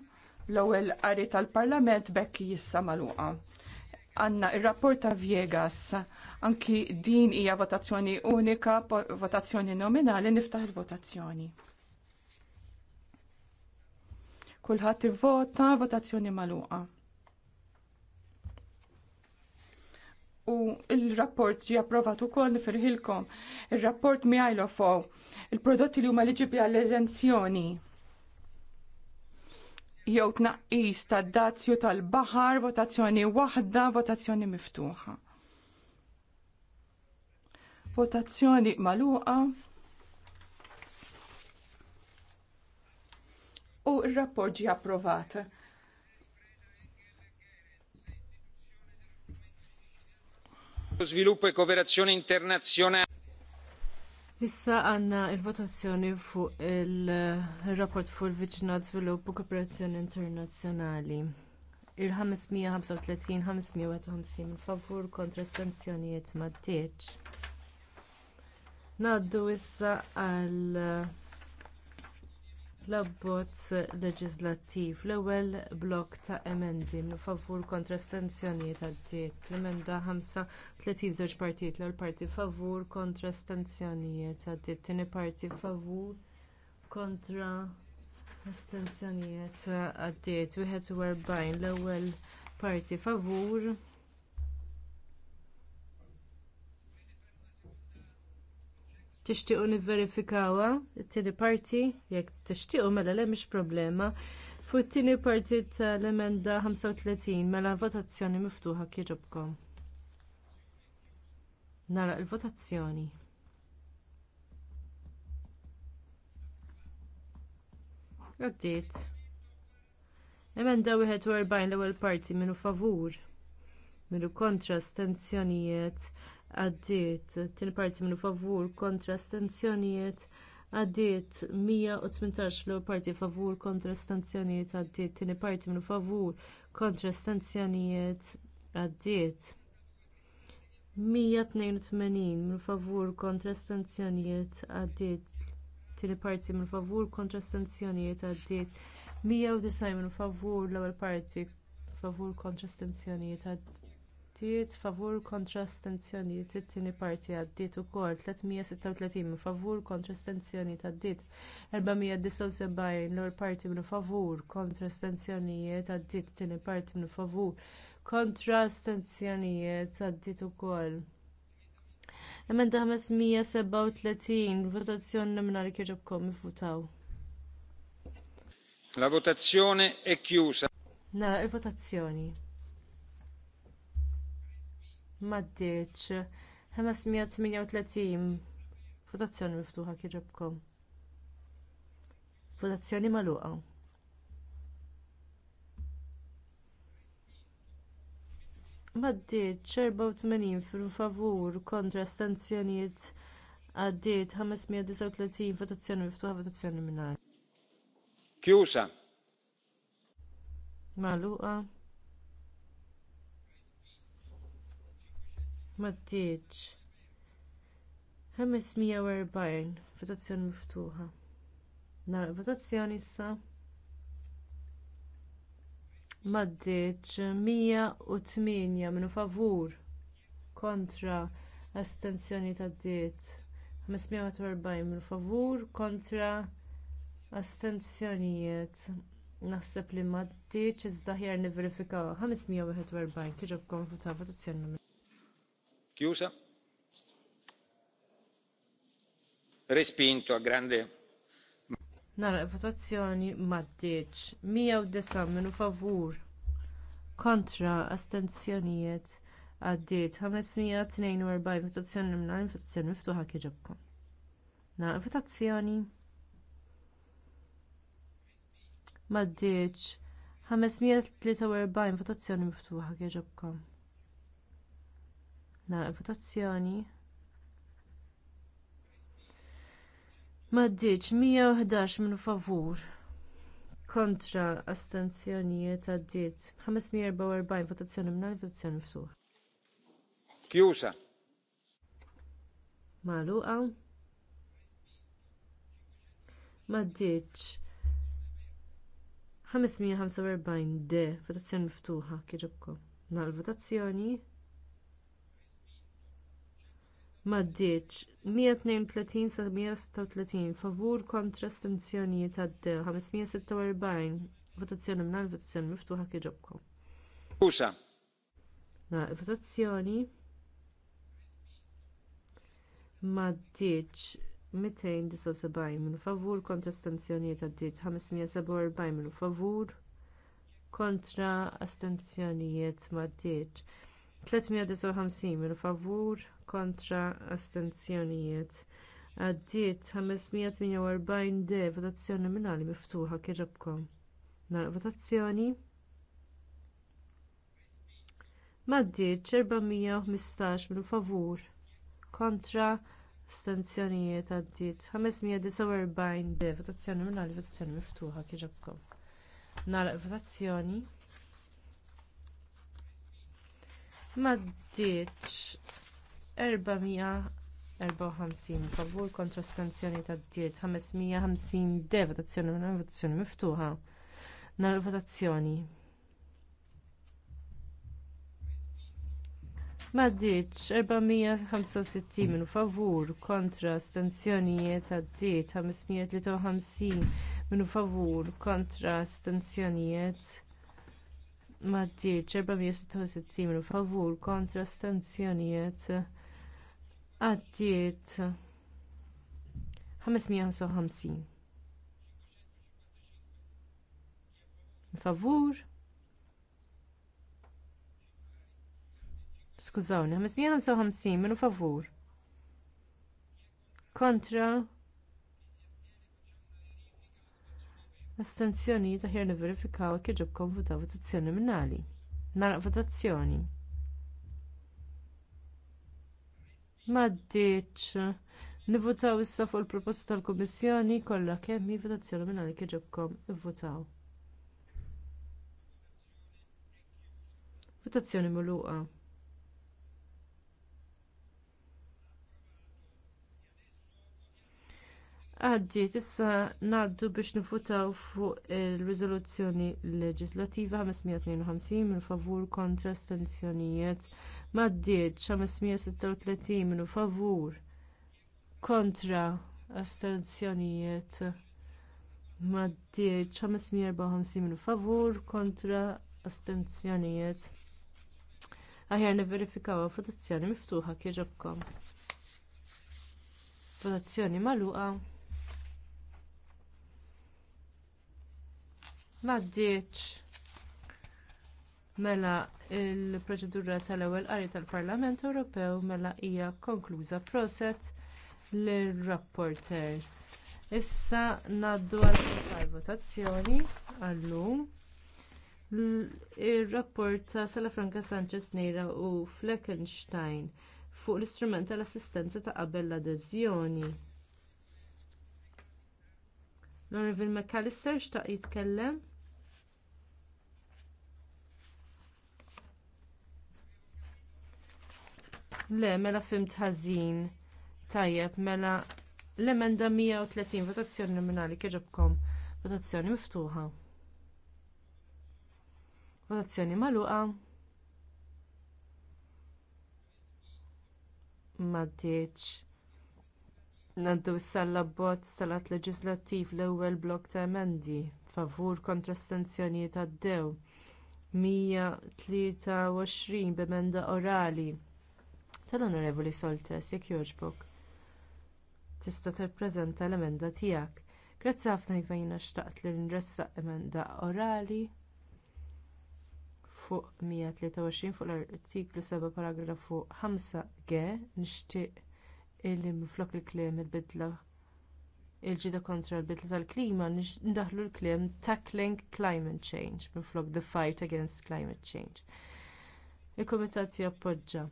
l-ewwel qari tal-Parlament bekk jissa maluqa għanna il-rapport ta' Viegas, anki din hija votazzjoni unika, votazzjoni nominali, niftaħ il-votazzjoni. Kulħadd ivvota votazzjoni magħluqa. U il-rapport ġi approvat ukoll nifirħilkom. Il-rapport miħajlofow, il-prodotti li huma liġibi għall-eżenzjoni jew tnaqqis tad-dazju tal-baħar, votazzjoni waħda, votazzjoni miftuħa. Votazzjoni maluqa. U r-rapport ġie approvat. sviluppo e cooperazione internazionale. Issa għandna l votazzjoni fuq il-rapport fuq il-Viċinat Zvilupp u Kooperazzjoni Internazzjonali. Il-535-551 minn favur kontra sanzjonijiet ma' Ngħaddu issa għal l-abbozz leġislattiv l-ewwel blokk ta' emendi minn favur kontra astensjonijiet għaddiet l-emenda 35 żewġ partijiet l-ewwel parti favur kontra astensjonijiet għaddiet tieni parti favur kontra astensjonijiet u 41 l-ewwel parti favur tixtiequ nivverifikawha it-tieni parti jekk tixtiequ mela le mhix problema fuq it-tieni parti tal-emenda 35 mela votazzjoni miftuħa kieġobkom. Nara il-votazzjoni. Għaddiet. Emenda 41 l-ewwel parti minnu favur, minnu kontra stenzjonijiet għaddiet, tieni parti minnu favur kontra stanzjonijiet għaddiet 118 l parti favur kontra stanzjonijiet għaddiet tieni parti minnu favur kontra stanzjonijiet għaddiet 182 minnu favur kontra stanzjonijiet għaddiet tieni parti minnu favur kontra stanzjonijiet għaddiet 190 minnu favur l-ewwel parti favur kontra stanzjonijiet għaddiet Tiet favur kontra astenzjonijiet it-tieni parti għaddiet ukoll 336 favur kontra astenzjonijiet għaddiet 479 l-ewwel parti minn favur kontra astenzjonijiet għaddiet t tieni parti minn favur kontra astenzjonijiet għaddiet ukoll Emenda 537, votazzjoni nominali kieġobkom ifutaw. La votazione è chiusa. Nara, il votazzjoni maddeċ 538 votazzjoni miftuħa kieġobkom votazzjoni magħluqa maddeċ 84 fil-favur kontra stanzjonijiet għaddiet 539 votazzjoni miftuħa votazzjoni mingħajr. Kjusa. Maluqa. Maddiċ. 540 votazzjoni miftuħa. Nara votazzjoni issa. Maddiċ 108 minu favur kontra astenzjoni ta' diet. 540 minu favur kontra astenzjonijiet. Naħseb li maddiċ iżda ħjar niverifikaw 541 kieġob konfuta votazzjoni chiusa respinto a grande Nara votazzjoni maddiċ 109 minu favur kontra astenzjonijiet għaddiet 542 votazzjoni nominali votazzjoni miftuħa kieġobkom. Nara votazzjoni maddiċ 543 votazzjoni miftuħa kieġobkom. Nara votazzjoni. Maddiċ 111 minn favur kontra astenzjonijiet għaddiet 544 votazzjoni minn votazzjoni ftuħ. Chiusa. Maluqa. Maddiċ 545 de votazzjoni ftuħa. kieġibkom. Nal votazzjoni maddiċ 132 sa 136 favur kontra astenzjonijiet għaddew 546 votazzjoni mingħajr votazzjoni miftuħa kif ġobkom. Uxa. Nara votazzjoni maddiċ 279 minu favur kontra astenzjonijiet għaddiet 547 minu favur kontra astenzjonijiet maddiċ 359 minu favur kontra astenzjonijiet. Għaddiet 548 d votazzjoni minnali miftuħa kieġobkom. Nar votazzjoni. Maddiet 415 minn favur kontra astenzjonijiet għaddiet 549 d votazzjoni minnali votazzjoni miftuħa kieġobkom. Nar votazzjoni. Maddiet 454 favur kontra stanzjoni ta' diet 550 de votazzjoni minn votazzjoni miftuħa nhar votazzjoni Ma ddiċ 465 minu favur kontra stanzjonijiet ta' diet 553 minu favur kontra stanzjonijiet Ma ddiċ 466 minu favur kontra stanzjonijiet Għaddiet 555. Favur. Skużawni, 555 minu favur. Kontra. Astenzjoni taħjar niverifikaw kieġob konvuta votazzjoni minnali. Nara votazzjoni. Maddiċ. Nivutaw issa fuq il-proposta tal-Kummissjoni kollha kemm hi votazzjoni minn għalik iġibkom. ivvutaw. Votazzjoni magħluqa. Għaddiet issa ngħaddu biex nifutaw fuq il-riżoluzzjoni leġislattiva 552 minn favur kontra stenzjonijiet Maddiet 536 minu favur kontra astenzjonijiet. Maddiet 554 minu favur kontra astenzjonijiet. Aħjar niverifikaw votazzjoni miftuħa kieġobkom. Votazzjoni magħluqa. Maddiet Mela l proċedura tal-ewwel qari tal-Parlament Ewropew mela hija konkluża proset lir-rapporters. Issa ngħaddu għal votazzjoni għallum. Ir-rapport ta' Franca Sanchez Neira u Fleckenstein fuq l-istrument tal-assistenza ta' qabel l-adeżjoni. l McAllister xtaq jitkellem? Le, mela fimt tħażin Tajjeb, mela l-emenda 130 votazzjoni nominali kieġobkom votazzjoni miftuħa. Votazzjoni magħluqa. Maddiċ. Ngħaddu s-salla bot salat leġislattiv l ewwel blok ta' emendi, favur kontra għad-dew. 123 b'emenda orali tal-Onorevoli Soltes jekk jogħġbok. Tista' tippreżenta l-emenda tiegħek. Grazzi ħafna iva, jvejna xtaqt li nressaq emenda orali fuq 123 fuq l-artiklu 7 paragrafu 5G nixtieq illi minflok il-kliem il-bidla il-ġida kontra l-bidla tal-klima ndaħlu l-kliem tackling climate change minflok the fight against climate change. il kumitat jappoġġa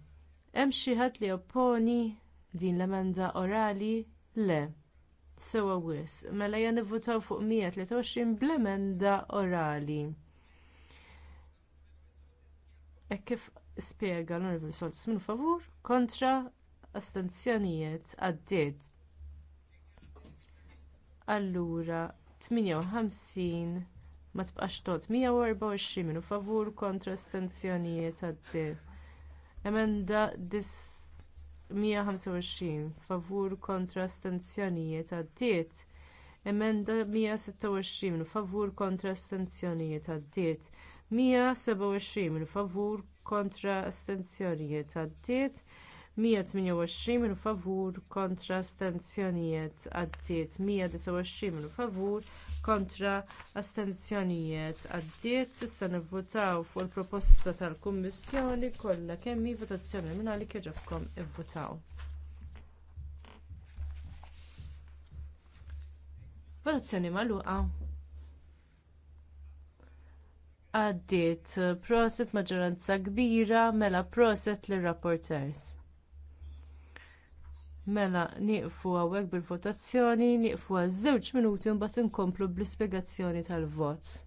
Hemm xi ħadd li opponi din l-emenda orali le. Sewa wis, mela jan nivvotaw fuq 123 bl-emenda orali. E kif spiega l-onorevoli Soltis minn favur kontra astenzjonijiet għaddiet. Allura 58 ma tibqax tot 124 minu favur kontra astenzjonijiet għaddiet. Emenda 125 favur kontra astenzjonijiet għaddiet. Emenda 126 favur kontra astenzjonijiet għaddiet. 127 favur kontra astenzjonijiet għaddiet. 128 minu favur kontra astenzjonijiet għaddiet 129 minu favur kontra astenzjonijiet għaddiet issa nivvotaw fuq il-proposta tal-Kummissjoni kollha kemm hi votazzjoni nominali kif ġabkom ivvutaw. Votazzjoni magħluqa. Għaddiet proset maġġoranza kbira mela proset lir rapporters Mela nieqfu hawnhekk bil-votazzjoni, nieqfu għaż żewġ minuti u mbagħad inkomplu bl-ispjegazzjoni tal-vot.